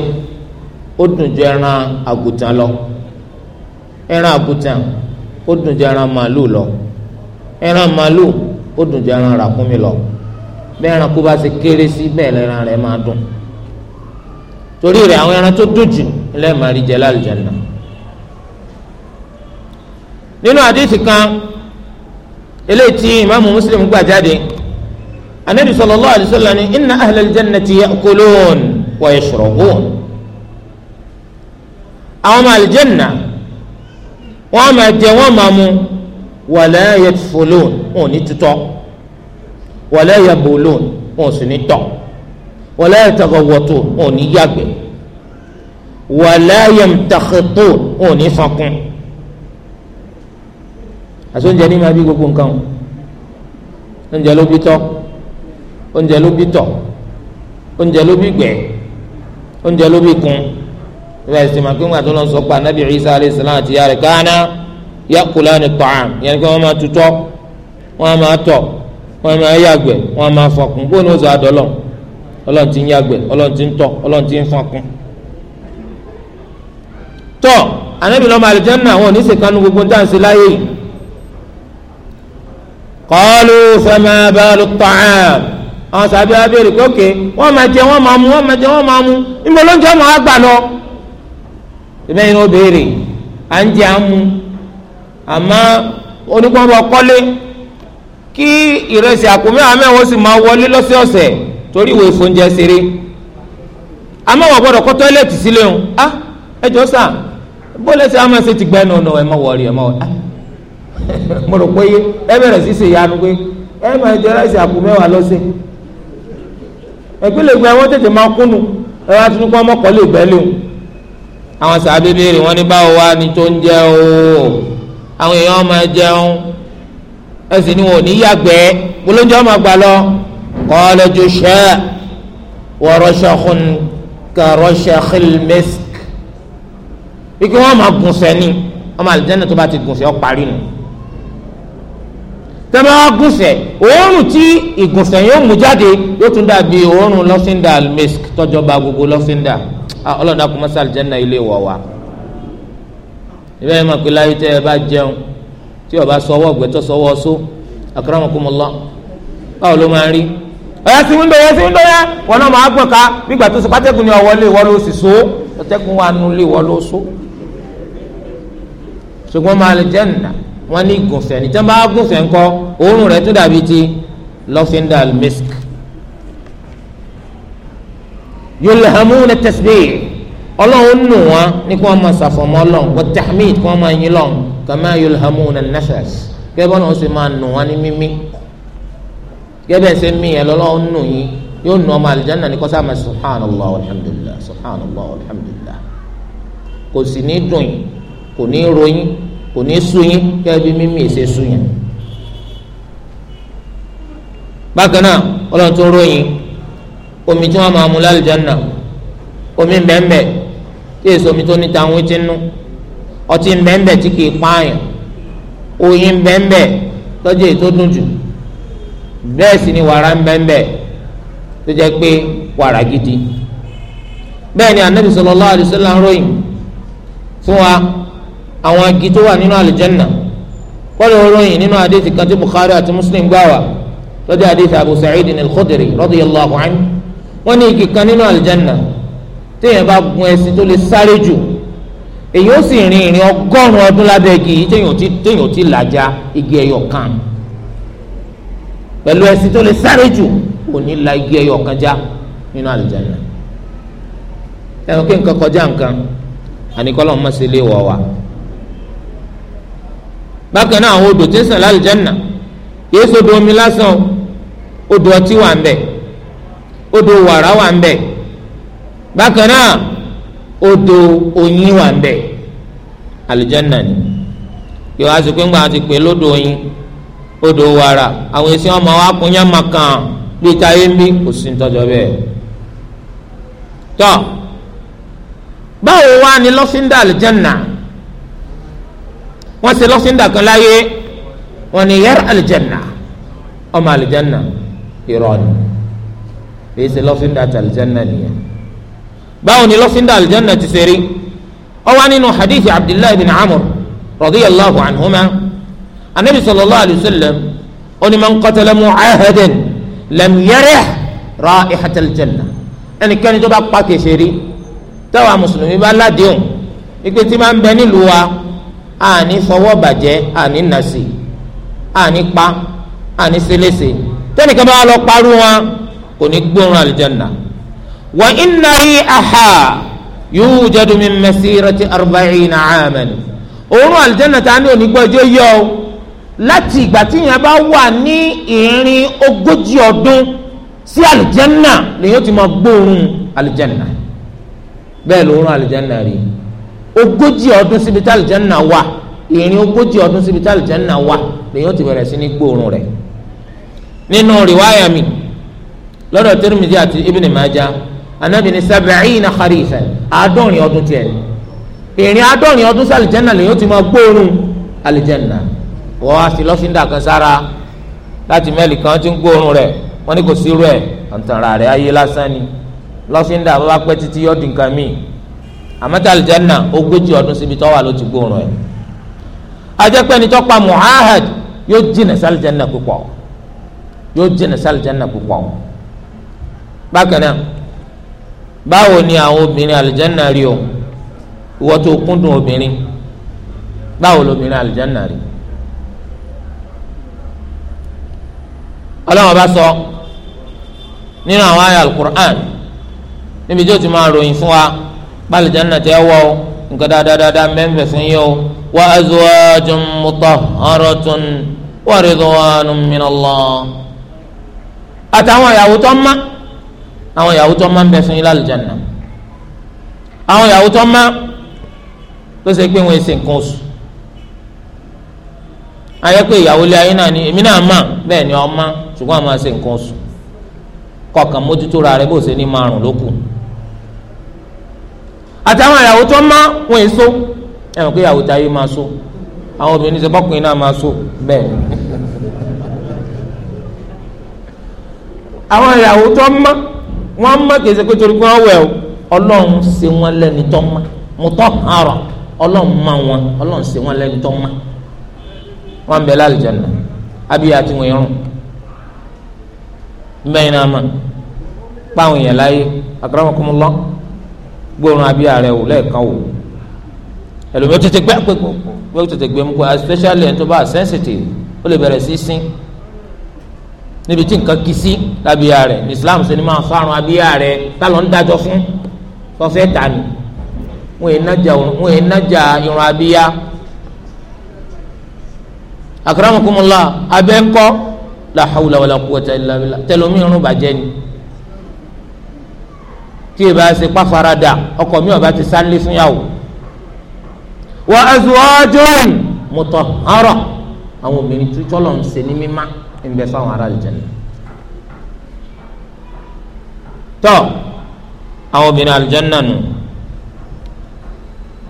Speaker 1: ó dùn ju ẹran àgùtàn lọ ẹran àgùtàn ó dùn ju ẹran màálù lọ ẹran màálù ó dùn ju ẹran ràkúnmí lọ bẹ́ẹ̀ ẹranko bá ṣe kéré sí bẹ́ẹ̀ lẹ́ran rẹ̀ máa dùn torí rẹ̀ àwọn ẹran tó dùn jù lẹ́ẹ̀ máa rí jẹ lálùjánnà nínú àdéhìí kan eléyìí tí ìmáàmù Muslim gbà jáde anabi sallallahu alayhi wa sallam inna ahlal jannati ya'kulun wa yashrabun àwọn ọmọ aljanna wọ́n á máa jẹ wọ́n máa mu wala yatfulun wọn ò ní tutọ́ wala yabulun wọn ò sì ní tọ̀ wala yataghawwatun wọn ò ní yàgbẹ́ wala yamtakhitun wọn ò ní fọkún àsóúnjẹ ní ma bí gbogbo nǹkan oúnjẹ ló bí tọ́ oúnjẹ ló bí tọ̀ oúnjẹ ló bí gbẹ́ oúnjẹ ló bí kun. nígbà tí sèmà pínpín àti ọlọ́run sọ pé anabi isa alayhi salam àti yàrá kánà yakulani ta'am yẹn kí wọ́n máa tutọ́ wọ́n máa tọ̀ wọ́n máa yàgbẹ́ wọ́n máa fọkùn bó ni ó sọ àdọ́lọ́ ọlọ́run ti ń yàgbẹ́ ọlọ́run ti ń tọ̀ ọlọ́run ti ń fọkùn. tọ́ anabi lọ́mọ àwọn gbogbo ń dáhùn sí láyé fẹ́mi kókè wọ́n máa jẹ wọ́n máa wọ́n máa jẹ wọ́n máa ìbẹ́yìn ní ó béèrè à ń jẹ àmú àmọ́ onígbọ́nbọ́ kọ́lé kí ìrẹsì àkùnmí àwọn mẹ́wọ́n sì máa wọlé lọ́sọ̀ọ̀sẹ̀ torí ìwé ìfóúnjẹ ṣeré àmọ́ gbọ́dọ̀ kọ́ tọ́ílẹ̀tì sílé o ah ẹ jọ sà bọ́lẹ́sì àmọ́ ṣe ti gbẹ́ ẹ̀ nọ̀nà ẹ̀ mọ̀ wọ̀ọ́rì ẹ̀ mọ̀ wọ̀ọ́rì ah mo rò pé ẹ bẹ̀rẹ̀ sí ṣe ìyanu pé ẹ máa jẹ ráìsì àpò lọ́sẹ̀ ẹ̀pínlẹ̀ ìgbà wọn tètè máa kúnnu ẹ̀ wá tinúkọ́ ọmọkọ̀ lè gbẹ́ lé àwọn sàbí béèrè wọn ní báwo wá ni tó ń jẹ o àwọn èèyàn máa jẹun ẹsìn ni wọn ò ní yàgbẹ́ gbólóńjẹ máa gbà lọ kọ́lẹ́ ju ṣẹ́ wọ́rọ́ṣẹ́kùn kẹrọ́ṣẹ́kìl mẹ́sìk wípé wọ́n máa gùn sẹ́ni ọmọ àlùjánnà tó bá ti gùn sẹ́ ọ parí nù tẹ́lẹ̀ wá gùnsẹ̀ òórùn tí ìgùnsẹ̀ yóò mú jáde yóò tún dàbí òórùn lọ́fíńdà mẹ́sìk tọ́jọba gbogbo lọ́fíńdà. Ah, ọlọ́dà kò mọ́sá àlùjẹ́nà ilé wọ̀ wá ìbẹ́ yẹn mọ̀ pé láyé tẹ́ ẹ bá jẹun tí o bá sọwọ́ gbẹ́tọ̀ sọwọ́ só akramakumullah báwo ló máa ń rí ọ̀yà sí wíńdò yẹn sí wíńdò yẹn wọn náà máa gbọ̀n ká nígbà tó sọ pátẹ́kùn ni ọ̀wọ́ lé wọ́n ló sì so pátẹ́kùn wà nù lé wọ́n ló so ṣùgbọ́n máa lè jẹ́ nà wọ́n ní gùnfẹ̀ níjẹ́ máa gùnfẹ̀ ńkọ́ òórùn rẹ̀ tó dàbí ti lọ́fíńdà misk yulhamuna tasbih ọlọ́run nù wọn ní kí wọ́n máa ṣàfọ̀mọ́ lọ́n wọ́n tahmid kí wọ́n máa yin lọ́n kàmá yulhamuna nafas gẹ́gẹ́ bọ́lá wọn sì máa nù wọn ní mímí gẹ́gẹ́ bẹ́ẹ̀ sẹ́ mí ẹ̀ lọ́lọ́run nù yín yóò nù ọmọ alìjánná ní kọ́sá máa subhanallah alhamdulilah subhanallah alhamdulilah kò sì ní dùn yín kò ní ròyìn kò ní sunyín gẹ́gẹ́ mímí ìṣe sunyín bákan náà ọlọ́run tó ròyìn omi tí wọ́n máa mu lálùjáná omi mbẹ́mbẹ́ tí èso omi tó ní tàwọn ti nú ọtí mbẹ́mbẹ́ tí kì í pààyàn oyin mbẹ́mbẹ́ tọ́jú ètò dùn jù bẹ́ẹ̀ sì ni wàrà mbẹ́mbẹ́ tó jẹ́ pé wàrà gidi bẹ́ẹ̀ ni anabi sallallahu alaihi wasallam ròyìn fún wa àwọn agi tó wà nínú àlùjáná kọ́lé oròyìn nínú àdéhìí kan tí Bukhari àti Muslim gbà wá lọ́jọ́ àdéhìí Abu Sa'id al-Khudri radiyallahu anhu wọ́n ní igi kan nínú àlùjánnà téèyàn bá gun ẹṣin tó lè sáré jù èyí ó sì rìn ìrìn ọgọ́rùn ọdún lábẹ́ igi yìí téèyàn ò ti làjá igi ẹyọ kan pẹ̀lú ẹṣin tó lè sáré jù kò ní la igi ẹyọ kan já nínú àlùjánnà ẹnu kí nǹkan kọjá nǹkan àníkọ́lọ́ ọmọ sí ilé wọ̀ wá bákan náà àwọn odò tí ń sàn lálùjánnà yéésù odò omi lásán odò ọtí wà ń bẹ̀ odò wàrà wà ń bẹ bákan náà odò oyin wà ń bẹ alìjẹ́nà ni yóò wá sí pé ńgbà àti pé lódò oyin odò wàrà àwọn èsì ọmọ wa kún yẹn màkàn bíi táyé ń bí kò sí nítọ́jọ́ bẹ́ẹ̀ tọ́ báwo wá ni lọ́fíńdà alìjẹ́nà wọ́n ṣe lọ́fíńdà kan láyé wọ́n ní yẹ́rọ alìjẹ́nà ọmọ alìjẹ́nà ìrọ̀ èyí ṣe lọ́fíńdà tàlìjánà nìyẹn báwo ni lọ́fíńdà àlìjánà ti ṣe rí ó wà nínú hadith abdullahi bin amr radiyallahu anhuma anabi sallallahu alayhi wa sallam ó ní man qatala mu'ahadan lam yarih raihata aljanna ẹnikẹ́ni tó bá pa kèfèrí táwa mùsùlùmí bá ládìhùn ipe tí máa ń bẹ nílùú wa àní fọwọ́ bàjẹ́ àní nàṣì àní pa àní ṣẹlẹ́ṣẹ̀ tẹ́nìkan bá lọ parú wọn kò ní gbóòórùn àlùjánnà wa inna rihaha yujadu min masirati arba'ina aaman òórùn àlùjánnà tá a ní òní gbọ́jọ́ yọ ọ́ láti ìgbà tí yẹn bá wà ní ìrìn ogójì ọdún sí àlùjánnà lèyìn ó ti máa gbóòórùn àlùjánnà bẹ́ẹ̀ lóòórùn àlùjánnà rí ogójì ọdún síbi tí àlùjánnà wà ìrìn ogójì ọdún síbi tí àlùjánnà wà lèyìn ó ti bẹ̀rẹ̀ sí ní gbóòórùn rẹ̀ nínú rìwáyà mi lọ́dọ̀ Tirmidhi àti Ibn Majah anabi ni sab'ina kharifan àádọ́rin ọdún tiẹ̀ ìrìn àádọ́rin ọdún sí alìjẹ́nà lèyìn ó ti máa gbóòórùn alìjẹ́nà wọ́n á sì lọ́fíńdà kan sára láti mẹ́lì kan ti ń gbóòórùn rẹ̀ wọ́n ní kò sí irú ẹ̀ ọ̀ǹtàrà rẹ̀ ayé lásán ni lọ́fíńdà bá wá pẹ́ títí yọ̀dùn kan míì àmọ́tà alìjẹ́nà ogójì ọdún síbi tọ́wà ló ti gbóòórùn bákan náà báwo ni àwọn obìnrin àlùjáná rí o ìwọ tó kúndùn obìnrin báwo lobìnrin àlùjáná rí ọlọ́run bá sọ nínú àwọn àyà alukur'an níbi tí o ti máa ròyìn fún wa bàlùjáná tẹ́ wọ́ nǹkan dáadáa mẹ́fẹ̀ fún yín o wa azwajun mutahharatun wa ridwanun minallah àtàwọn ìyàwó tó ń mọ́. àwọn ìyàwó tó máa ń bẹ fún yín lálùjáná àwọn ìyàwó tó máa tó ṣe pé wọn ṣe nǹkan oṣù ayẹ pé ìyàwó ayé náà ni èmi náà mà bẹ́ẹ̀ ni ọmọ ṣùgbọ́n àwọn máa nǹkan oṣù kọkàn mójútó ra rẹ bó ṣe ní márùn ló kù so àwọn obìnrin ṣe bọ́kùnrin náà so bẹ́ẹ̀ ni àwọn ìyàwó wọ́n mọ́ kìí ṣe pé torí pé wọ́n wẹ̀ o ọlọ́run ṣe wọ́n lẹ́ni tó mọ́ mọ́tọ́ àrọ̀ ọlọ́run mọ́ wọn ọlọ́run ṣe wọ́n lẹ́ni tó mọ́ wọ́n bẹ̀ lálùjọ́nà àbí àti wọ́n irun mbẹ́yìn náà mọ̀ páwọn èèyàn láyé akramakumullah gbóòórùn àbí ààrẹ wò lẹ́ẹ̀kan wò ẹlòmíràn tètè gbé àpè gbogbo tètè gbé mú kó especially ẹni tó bá sensitive ó lè bẹ̀rẹ̀ sí sín níbi tí nǹkan kì í sí lábíyá islam sì ni máa sọ àrùn abíyá rẹ̀ tálọ́ ń dájọ́ fún sọ́fẹ́ ta ni wọ́n nájà wọ́n yẹn nájà irun abíyá. akramakumullah abẹ́ ńkọ́ la hawla wala quwwata illa billah tẹlomi irun bàjẹ́ ni tí e bá ṣe pàfaradà ọkọ mi ò bá ti sálé fún yàwó wa azwajun mutahhara àwọn obìnrin tí tọ́lọ̀ ń ṣe ní mímá ń bẹ fáwọn ará àlùjẹ̀nà tọ́ àwọn obìnrin àlùjẹ̀nà nù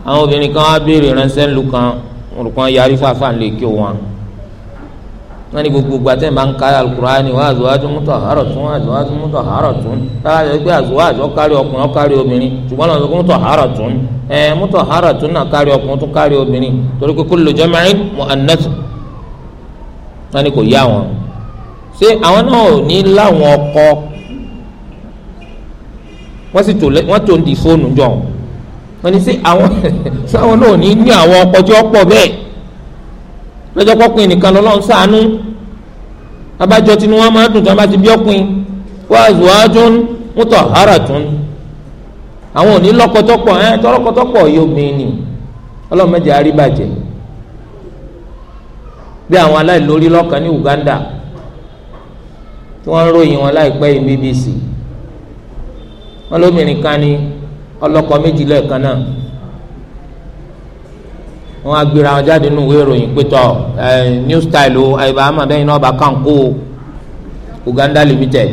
Speaker 1: àwọn obìnrin kan á béèrè ránṣẹ́ ńlu kan olùkọ́ yarí fàáfàá lè kí wọn wọ́n ní gbogbo ìgbà tẹ́ ẹ̀ máa ń ka alukurani wọ́n azọ́wájú mútọ̀ àárọ̀ tún wọ́n azọ́wájú mútọ̀ àárọ̀ tún táwa yẹ pé azọ́wájú ọ̀kárí ọkùnrin ọ̀kárí obìnrin ṣùgbọ́n lọ́nà mútọ̀ àárọ̀ tún ẹ̀ mútọ̀ àárọ̀ tún náà kárí ọkùnrin tún kárí obìnrin torí pé kullu jam'in mu'annath wọ́n ní kò yá wọn ṣé àwọn náà ò ní láwọn ọkọ wọ́n sì tò wọ́n tó ń di fóònù jọ wọ́n ní ṣé àwọn sáwọn [LAUGHS] náà ò ní ní àwọn ọkọ tí wọ́n pọ̀ bẹ́ẹ̀ lọ́jọ́ pọ́pin nìkan lọ́lọ́run ṣàánú abájọ tinú wọn máa dùn tí wọ́n bá ti bí ọpin wa azwajun mutahharatun àwọn ò ní lọ́kọ̀tọ́pọ̀ ẹ̀ tọ́lọ́kọ̀tọ́pọ̀ yóò bí ni ọlọ́mọdé àríbàjẹ́ bí àwọn aláìlórí lọ́kàn ní Uganda tí wọn ń ròyìn wọn láìpẹ́ yìí BBC wọn lóbìnrin kan ní ọlọ́kọ méjì lẹ́ẹ̀kan náà wọn agbèrè àwọn jáde nínú ìwé ìròyìn pétọ ẹ new style o àyùbá amadéyìn náà bá Uganda limited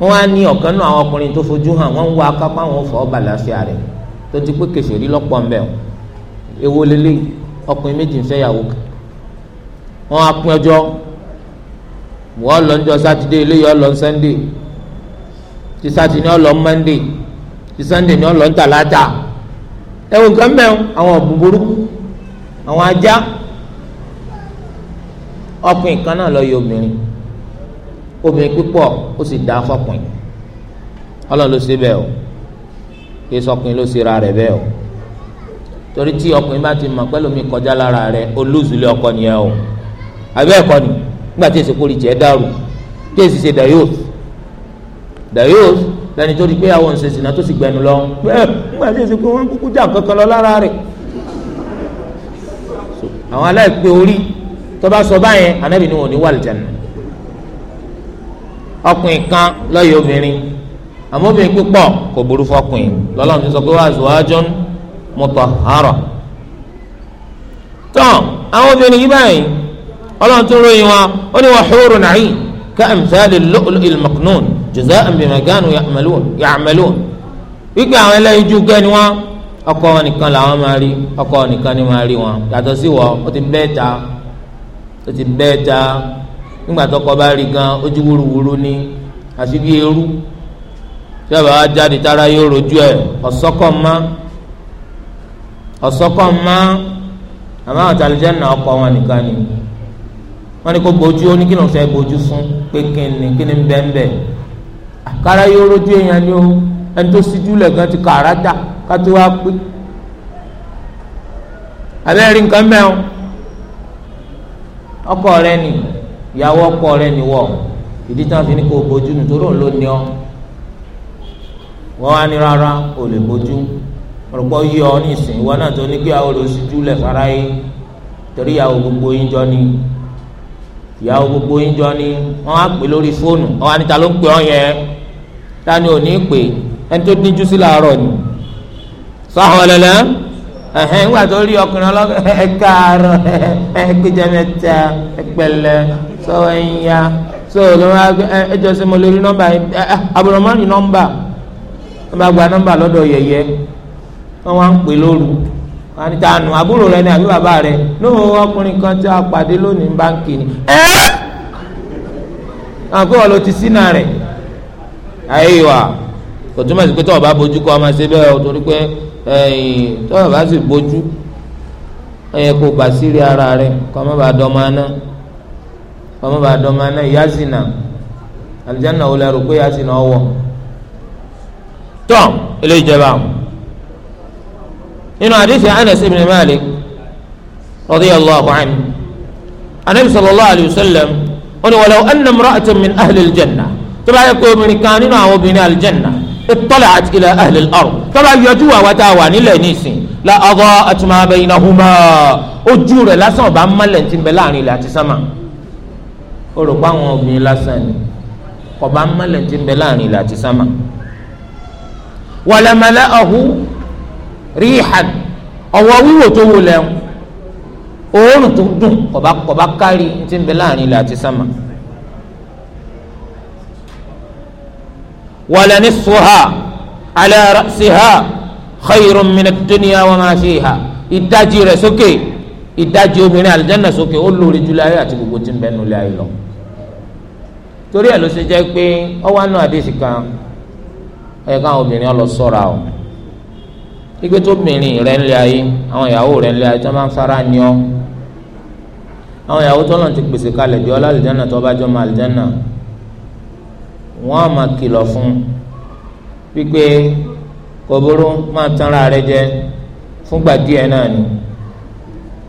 Speaker 1: wọn á ní ọ̀kan náà àwọn ọkùnrin tó fojú hàn wọn ń wá akápá àwọn òfò ọba àlàáfíà rẹ tó ti pé wọn á pín ọjọ́ wọ́n lọ níjọ́ sátidé eléyìí ọlọ́ sànńdé ti sátidé ọlọ́ mọ́ndé ti sànńdé ni ọlọ́ ntàláta ẹ̀wọ̀n nǹkan mẹ́rin àwọn ọ̀bùn burúkú àwọn ajá ọkùnrin kan náà lọ yọ obìnrin obìnrin pípọ̀ ó sì dá fọkùnrin ọlọ́run ló ṣe bẹ́ẹ̀ o kí sọkùnrin ló ṣe ra rẹ̀ bẹ́ẹ̀ o torí tí ọkùnrin bá ti mọ̀ pẹ́lú mi kọjá lára rẹ̀ olóòzùlé ọkọ nìyẹn o àbí ẹ̀kọ́ ni nígbà tí èsì kórìí tiẹ̀ dàrú tí èsì ṣe dayos dayos lẹni tó di pé àwọn ṣe sìnà tó sì gbẹnu lọ ẹ nígbà tí èsì kó wọn kúkú já nǹkan kan lọ lára rẹ̀ àwọn aláìpé orí tó bá sọ báyẹn anábì ni wọn ò ní wà lìjànà ọkùnrin kan lọ́yọ̀ obìnrin àmọ́ obìnrin púpọ̀ kò burú fọkùnrin lọ́lọ́run ti sọ pé wàá zuwájọ́ mutahhara tán àwọn obìnrin yìí báyìí ọlọ́run tún ròyìn wọn ó ní wa hurun ain ka amthali lu'lu'il maknun jaza'an bima kanu ya'malun ya'malun wípé àwọn ẹlẹ́yinjú gẹ́ ni wọ́n ọkọ wọn nìkan làwọn máa rí ọkọ wọn nìkan ni máa rí wọn yàtọ̀ sí wọ ó ti bẹ́ẹ̀ ta ó ti bẹ́ẹ̀ ta nígbà tó kọ bá rí gan ojú wúruwúru ni àti bí eru tí a bá wá jáde tára yóò rojú ẹ ọ̀sọ́kọ̀ mọ́ ọ̀sọ́kọ̀ mọ́ àmọ́ àtàlẹ́jẹ́ náà ọkọ wọn nìkan ni. wọn ni kò bójú ó ní kí lóun fẹ́ bójú fún pé kí ni kí ni ń bẹ́ẹ̀ bẹ́ẹ̀ àkàrà yóò rojú èèyàn ni ó ẹni tó síjú ti kàrà dà ká tó wá pé abẹ́rẹ́ nǹkan bẹ́ẹ̀ o ọkọ rẹ ni ìyàwó ọkọ rẹ ni wọ ìdí tí wọn fi òun ló ní ọ ọ ní ìsìn ìwọ náà tó ní kí àwọn olùsíjú torí gbogbo yín ni. ìyàwó gbogbo yín jọ ni wọn á pè lórí fóònù ọwọ anita ló ń pè ọ yẹn tani ò pè ẹni tó díjú sí làárọ̀ ni sọ àwọn ọlọlẹ ẹhẹn nígbà tó rí ọkùnrin ọlọgọ [LAUGHS] ẹ káàárọ̀ ẹ gbẹjẹ mẹ́ta ẹ pẹ̀lẹ́ sọ ẹ̀yìn ya so lọ́wọ́ ẹjọ́ sẹ́mo lè rí nọ́mbà yìí àbúrò mọ́rin nọ́mbà wọ́n bá gba nọ́mbà lọ́dọ̀ yẹ̀yẹ́ wọ́n wá ń pè lóru wọn á ní dànù àbúrò rẹ ni àbí bàbá rẹ lóò ọkùnrin kan tí a pàdé lónìí báńkì ni ẹ àwọn pé wọn ló ti sínà rẹ àyíwá kò túmọ̀ sí pé tọ́wọ̀ bá bójú kọ́ ọmọ ṣe bẹ́ẹ̀ o torí pé tọ́wọ̀ bá sì bójú ẹ̀yẹ kò bá sírí ara rẹ kọ́ ọmọ bá dọ́mọ aná kọ́ ọmọ bá dọ́mọ aná ìyá zina àlùjáná wo lẹ́rù pé ìyá zina ọwọ́ tọ́ ilé ìjọba nínú àdìsí Anas ibn Malik radiyallahu anhu anabi sallallahu alayhi wa sallam ó ní walaw anna imra'atan min ahli aljanna tó bá yẹ kó obìnrin kan nínú àwọn obìnrin aljanna ittala'at ila ahli al-ard tó bá yọjú àwa tá a wà nílẹ̀ nísìn la adha'at ma baynahuma ojú rẹ̀ lásán ọba mọ́lẹ̀ ti bẹ láàrin ilẹ̀ àti sámà ó rò pé àwọn obìnrin lásán ni ọba mọ́lẹ̀ ti bẹ láàrin ilẹ̀ àti sámà wa lamala'ahu ríhàn ọwọ́ wíwò tó wò lẹ́hún òórùn tó dùn kọ̀bá kọ̀bá kárí ti ń bẹ láàrin ilẹ̀ àti sánmà. wàlẹ̀ ní sùhà alẹ́ síhà khayrun min ad-dunya wa ma fiha ìdajì rẹ̀ sókè ìdajì obìnrin àlùjánnà sókè ó lórí jùlọ ayé àti gbogbo tí ń bẹ nulẹ̀ ayé lọ. torí ẹ̀ ló ṣe jẹ́ pé ọwọ́ àánú àdéhìí kan ẹ̀ka obìnrin ọ lọ gbígbé tó mìíràn rẹ̀ ń lé ayé àwọn ìyàwó rẹ̀ ń lé ayé tó máa ń fara ni ọ́ àwọn ìyàwó tó lọ́n ti pèsè kalẹ̀ di ọlá àlìjáná tó bá jọ mọ àlìjáná wọ́n á máa kìlọ̀ fún wípé kòbóró máa tanra rẹ jẹ fúngbà díẹ̀ náà ni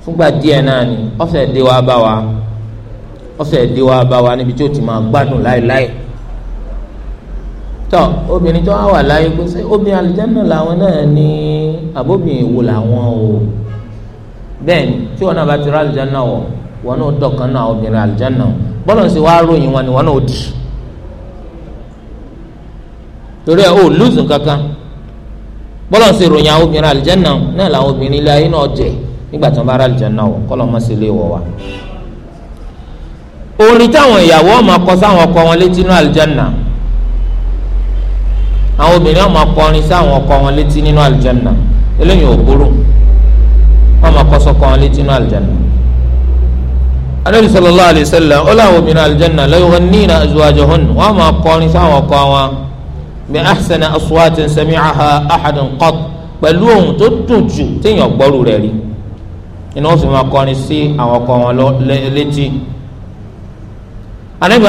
Speaker 1: fúngbà díẹ̀ náà ni ọ̀fẹ́ dé bá wa ọ̀fẹ́ dé bá wa níbi tí ó ti máa gbádùn láéláé. Lai, lai tọ obìnrin tó wà láyé kó ṣe obìnrin àlìjáná làwọn náà ní àbóbìnrin wo làwọn o bẹ́ẹ̀ ni tí wọn náà bá ti rà àlìjáná wọ wọn náà dọkan náà obìnrin àlìjáná bọlọ sì wá ròyìn wọn ni wọn náà dì torí ẹ ò lùzùn kankan bọlọ sì ròyìn àwọn obìnrin àlìjáná náà làwọn obìnrin ilé ayé náà jẹ nígbà tí wọn bá rà àlìjáná wọ kọlọ mọ sí ilé wọ wa orin táwọn ìyàwó ọmọ akọ sáwọn ọkọ wọn létí inú àlìjáná àwọn obìnrin ọmọ akọrin sáwọn ọkọ wọn létí nínú àlùjánnà eléyìí ò burú wọn máa kọsọ kọ wọn létí nínú àlùjánnà. Ànábì sallallahu alayhi wasallam ó láwọn obìnrin àlùjánnà la yughannina azwajahun wọn máa kọrin sáwọn ọkọ wọn bi ahsani aswatin sami'aha ahadun qat pẹ̀lú ohun tó dùn jù téèyàn gbọ́rù rẹ̀ rí inú wọn fi máa kọrin sí àwọn ọkọ wọn létí. Ànábì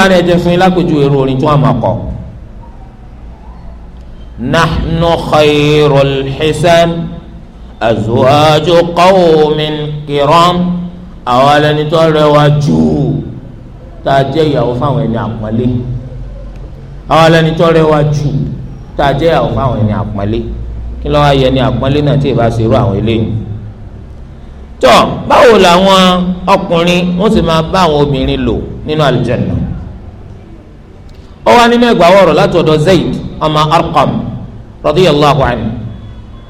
Speaker 1: نحن خير الحسان أزواج قوم كرام أولا نتولى وجو تاجي أو فاوين أقمالي أولا نتولى وجو تاجي أو فاوين أقمالي kí ló wá yẹ ní àpọ́nlé náà tí ì bá ṣe irú àwọn eléyìí tó báwo làwọn ọkùnrin wọ́n sì máa bá àwọn obìnrin lò nínú àlùjànnà ó wá nínú ẹgbàá ọ̀rọ̀ látọ̀dọ̀ Zayd ọmọ Arqam radiyallahu anhu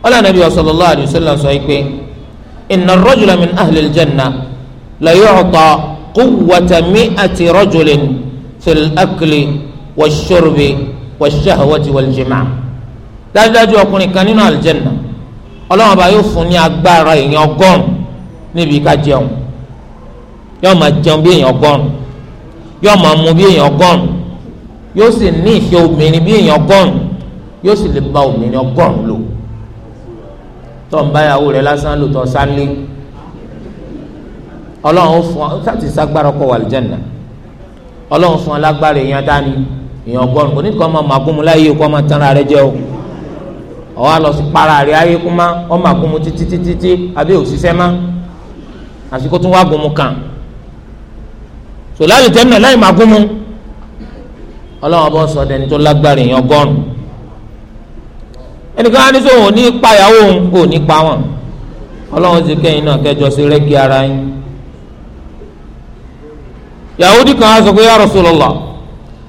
Speaker 1: wọ́n lànà bí sallallahu alayhi wa sallam sọ yìí pé inna ar-rajula min ahli al-janna la yu'ta quwwata mi'ati rajulin fil akli wash-shurbi wash-shahwati wal-jima' dájúdájú ọkùnrin kan nínú aljanna ọlọ́run ọba yóò fún ní agbára èèyàn ọgọ́rùn níbi ká jẹun yóò máa jẹun bí èèyàn ọgọ́rùn yóò máa mu bí èèyàn ọgọ́rùn yóò sì ní ìfẹ́ obìnrin bí èèyàn ọgọ́rùn yóò sì lè bá obìnrin ọgọ́rùn lò tó ń bá ìyàwó rẹ̀ lásán lò tó sálé ọlọ́run ó fún ọ láti ságbára ọkọ wà lìjẹnà ọlọ́run fún ọ lágbára èèyàn dání èèyàn ọgọ́rùn kò ní kó máa màkúmu láyé kó máa tanra rẹ̀ jẹ o ọwọ alọ sí para rẹ̀ ayé kú má ọ màkúmu títí títí tí abẹ òṣìṣẹ́ má àsìkò tún wá gbọmú kàn sọláyò tẹ́lẹ̀ láì màkúmu ọlọ́run ọba sọ dẹni tó lágbára èèyàn ọgọ́rùn ẹnìkan á ní sọ òun ní payàwó òun kò ní pa wọn ọlọ́run ti kẹ́yìn náà kẹjọ sí rẹ́gí ara yín yahudi kan á sọ pé ya Rasulullah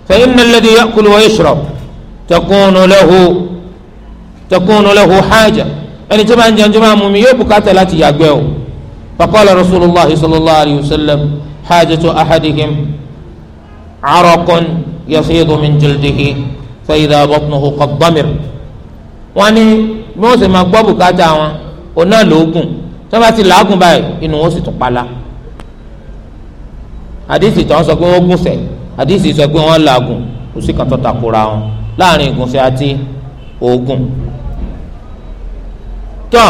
Speaker 1: fa inna alladhi ya'kulu wa yashrab takunu lahu takunu lahu haja ẹni tí ó bá ń jẹun tí ó bá ń mu mi yóò bùkátà láti yàgbẹ́ o faqala Rasulullah sallallahu alayhi wa sallam hajatu ahadihim araqun yafidu min jildihi fa idha wọ́n ní bí wọ́n sì máa gbọ́ bùkátà wọn òun náà lóògùn tí wọ́n bá ti làágùn báyìí inú wọn sì tún pala àdìsí tó ń sọ pé wọ́n gùnṣẹ̀ àdìsí sọ pé wọ́n làágùn kò sí kan tó takora wọn láàrin ìgùnṣẹ̀ àti òògùn tọ́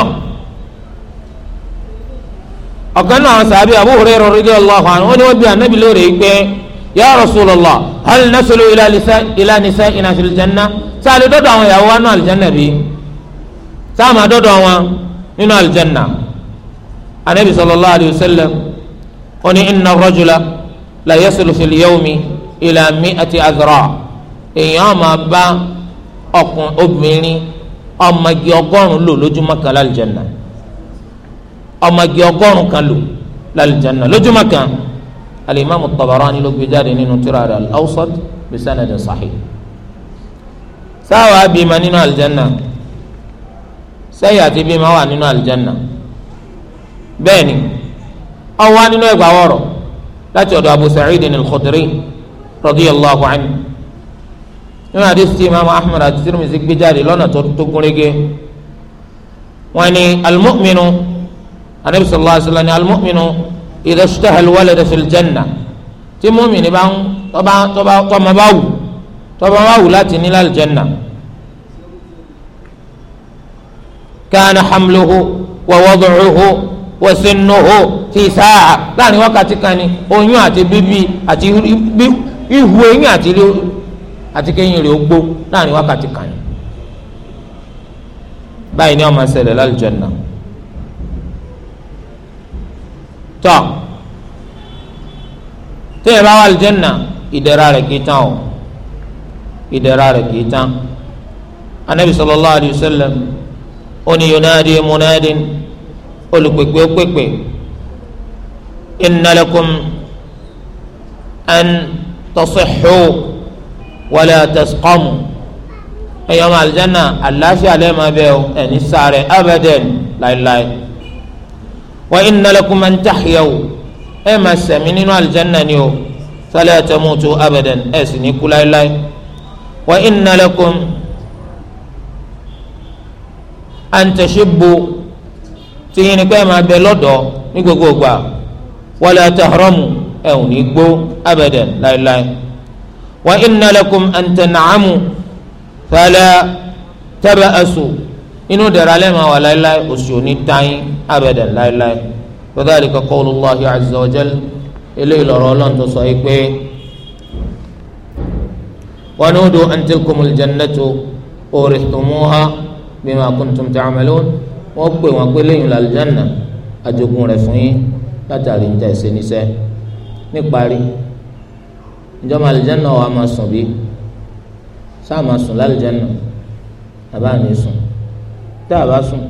Speaker 1: ọ̀kan náà sàbí Abu Hurairah radiyallahu anhu wọ́n ní wọ́n bí anabi lóore yìí pé ya Rasulullah hal nasulu ila nisa ila nisa sáàlì dọ́dọ̀ àwọn ìyàwó wa nínú àlìjáná bí sáàmà dọ́dọ̀ wọn nínú àlìjáná anabi sallallahu alayhi wa sallam oní inna rajula la yasulu fil yawmi ila mi'ati adra èèyàn máa bá ọkùn obìnrin ọmọge ọgọ́rùn lò lójúmọ́ kan lálìjáná ọmọge ọgọ́rùn kan lò lálìjáná lójúmọ́ kan alimami Tabarani ló gbé jáde nínú tírà rẹ̀ al-Awsat bisanadin sáwà abima nínú àlìjánà sẹ́yìn àti bímọ wà nínú àlìjánà bẹ́ẹ̀ ni ọwọ́ nínú ẹgbà wọ̀rọ̀ láti ọ̀dọ̀ Abu Sa'id al-Khudri radiyallahu anhu nínú àdìsí tí imaamu Ahmad àti Tirmidhi gbé jáde lọ́nà tó gúnrégé wọ́n ní al-mu'minu anabi sallallahu alayhi wa sallam ní al-mu'minu idha ishtaha tí mu'mini bá ń tọ́ba tọ́ba tọ́ma bá wù tọ́ba wá wù láti ní lálùjẹ́nà kana hamluhu wa wad'uhu wa sinnuhu fi sa'a láàrin wákàtí kan ni oyún àti bíbí àti ihu eyín àti àti kéyìn rẹ̀ ó gbó láàrin wákàtí kan ni báyìí ni wọ́n máa ṣẹlẹ̀ lálùjẹ́nà tọ́ tẹ́yẹ̀ bá wà lùjẹ́nà ìdẹ̀ra rẹ̀ kì í tán o ìdẹ̀ra rẹ̀ kìí tán anabi sallallahu alayhi wa sallam oni yunadi munadin olùpèpè pèpè inna lakum an tasixu wala tasqamu ẹyọmọ alijanna àlàáfíà lẹ máa bẹ ọ ẹni sáré abadan láéláé wa inna lakum an taxiyawu ẹ máa sẹmí nínú alijanna ni o sálẹ̀ tẹmutu abadan ẹ sì ní kú wa inna lakum an tashibbu tiyin ni pé ẹ máa bẹ lọ́dọ̀ ní gbogbo ìgbà wala tahramu ẹ ò ní gbó abadan láéláé wa inna lakum an tan'amu fala taba'asu inú dara lẹ́ máa wà láéláé oṣù ní tàyín abadan láéláé wa dhalika qawlullahi azza wa jalla eléyìí lọ́rọ̀ ọlọ́run tó sọ yìí pé. ونودوا أن تلكم الجنة أورثتموها بما كنتم تعملون وقبل وقبل إلى الجنة أجوكم رفعين látàrí ń tẹ̀sí níṣẹ́ níparí ìjọba àlìjẹ́nà wa máa sùn bí sáà máa sùn lálìjẹ́nà àbá ní sùn tá a bá sùn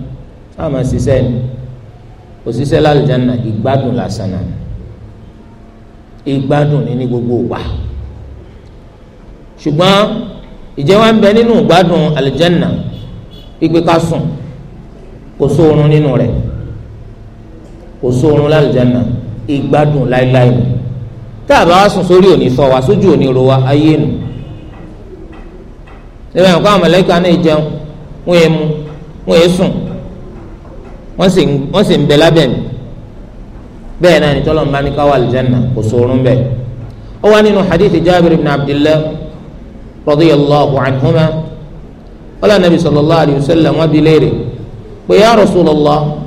Speaker 1: sáà máa ṣiṣẹ́ ni òṣìṣẹ́ lálìjẹ́nà ìgbádùn lásán náà ìgbádùn ní ní gbogbo wa ṣùgbọ́n ìjẹ́ wa ń bẹ nínú ìgbádùn alìjẹ́nà pípé ká sùn kò sóorun nínú rẹ̀ kò sóorun lálìjẹ́nà ìgbádùn láíláí ni tá a bá wá sùn sórí òní sọ wá sójú òní ro wa ayé nu ṣẹlẹ àwọn káwọn mọlẹka náà jẹun wọn yẹ mu wọn yẹ sùn wọn sì ń bẹ lábẹ́ mi bẹ́ẹ̀ náà ni tọ́lọ́mùbá ní káwọn kò sóorun bẹ́ẹ̀ ó wá nínú hadith Jabir ibn Abdillah radiyallahu anhuma wala nabi sallallahu alayhi wa sallam wa bi léèrè pé ya rasulallah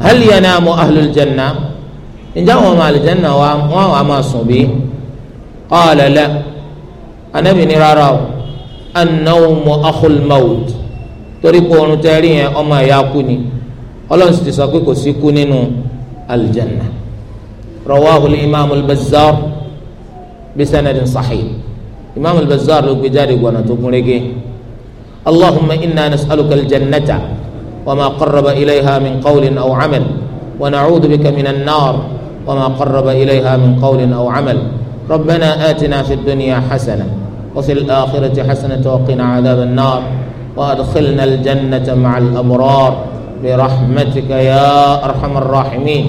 Speaker 1: hal yanamu ahlul janna ǹjẹ́ àwọn ọmọ alìjẹ́nà wa wọ́n wà máa sùn bí qala la anabi ní rárá o annawmu akhul mawt torí pé oorun tẹ́ rí yẹn ọmọ ẹ̀yà kú ni ọlọ́run sì ti sọ pé kò sí kú nínú alìjẹ́nà rawahu al-imam al-bazzar bisanadin sahih. إمام البزار لو بجاري وانا تو تقولي اللهم إنا نسألك الجنة وما قرب إليها من قول أو عمل ونعوذ بك من النار وما قرب إليها من قول أو عمل ربنا آتنا في الدنيا حسنة وفي الآخرة حسنة وقنا عذاب النار وأدخلنا الجنة مع الأبرار برحمتك يا أرحم الراحمين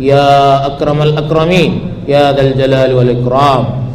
Speaker 1: يا أكرم الأكرمين يا ذا الجلال والإكرام